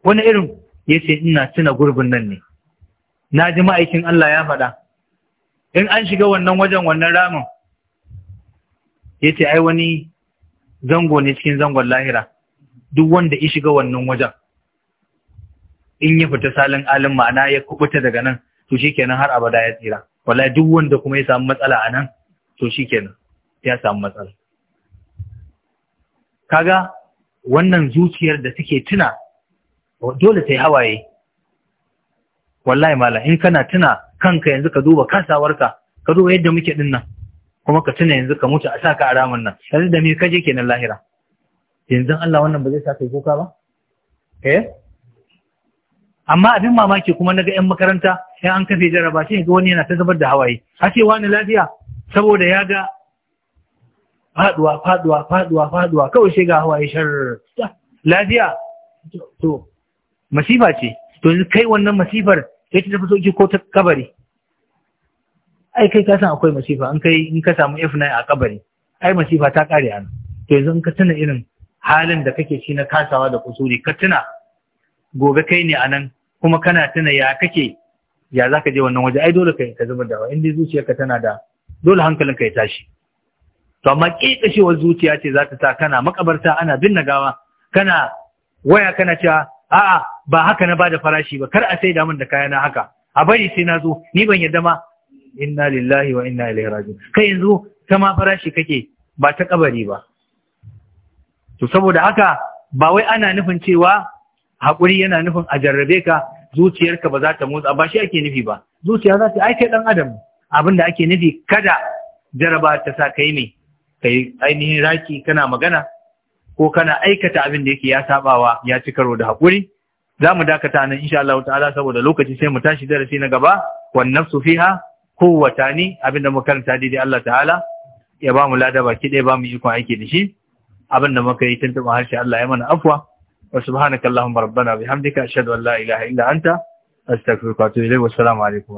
wani irin ya ce ina tuna gurbin nan ne na ji ma'aikin Allah ya faɗa in an shiga wannan wajen wannan ramin ya ce ai wani zango ne cikin zangon lahira duk wanda ya shiga wannan wajen in ya fita salin alin ma'ana ya kubuta daga nan to shikenan har abada ya tsira wallahi duk wanda kuma ya samu matsala a nan to shikenan ya samu matsala kaga wannan zuciyar da suke tuna dole ta yi hawaye wallahi mala in kana tuna kanka yanzu ka duba kasawarka ka duba yadda muke din nan kuma ka tuna yanzu ka mutu a sa ka a ramin nan yanzu da me kaje kenan lahira yanzu Allah wannan ba zai sa kai kuka ba eh amma abin mamaki kuma naga yan makaranta sai an kafe jaraba ga wani yana ta zubar da hawaye a wani lafiya saboda ya ga faduwa faduwa faduwa faduwa kawai sai ga ya shar lafiya to masifa ce to yanzu kai wannan masifar sai ta tafi soki ko ta kabari ai kai ka san akwai masifa An kai in ka samu F9 a kabari ai masifa ta kare an to yanzu in ka tuna irin halin da kake shi na kasawa da kusuri ka tuna gobe kai ne anan kuma kana tuna ya kake ya zaka je wannan waje ai dole kai ka zama da in dai zuciyarka tana da dole hankalinka ya tashi to amma kekashewar zuciya ce za ta sa kana makabarta ana bin gawa kana waya kana cewa a'a ba haka na bada farashi ba kar a sai min da kayan haka a bari sai na zo ni ban yarda ma inna lillahi wa inna ilaihi raji'un kai yanzu kama farashi kake ba ta kabari ba to saboda haka ba wai ana nufin cewa hakuri yana nufin a jarrabe ka zuciyarka ba za ta motsa ba shi ake nufi ba zuciya za ta aike dan adam abin da ake nufi kada jaraba ta sa kai mai kai ainihin raki kana magana ko kana aikata abin da yake ya sabawa ya ci karo da hakuri. za mu dakata nan insha Allah ta'ala saboda lokaci sai mu tashi darasi na gaba wan nafsu fiha quwwatani abin da muka karanta dai Allah ta'ala ya ba mu lada baki ɗaya ba mu ikon aiki da shi abin da muka yi tuntuɓa harshe Allah ya mana afwa wa subhanakallahumma rabbana bihamdika ashhadu an la ilaha illa anta astaghfiruka wa atubu ilayk wa assalamu alaikum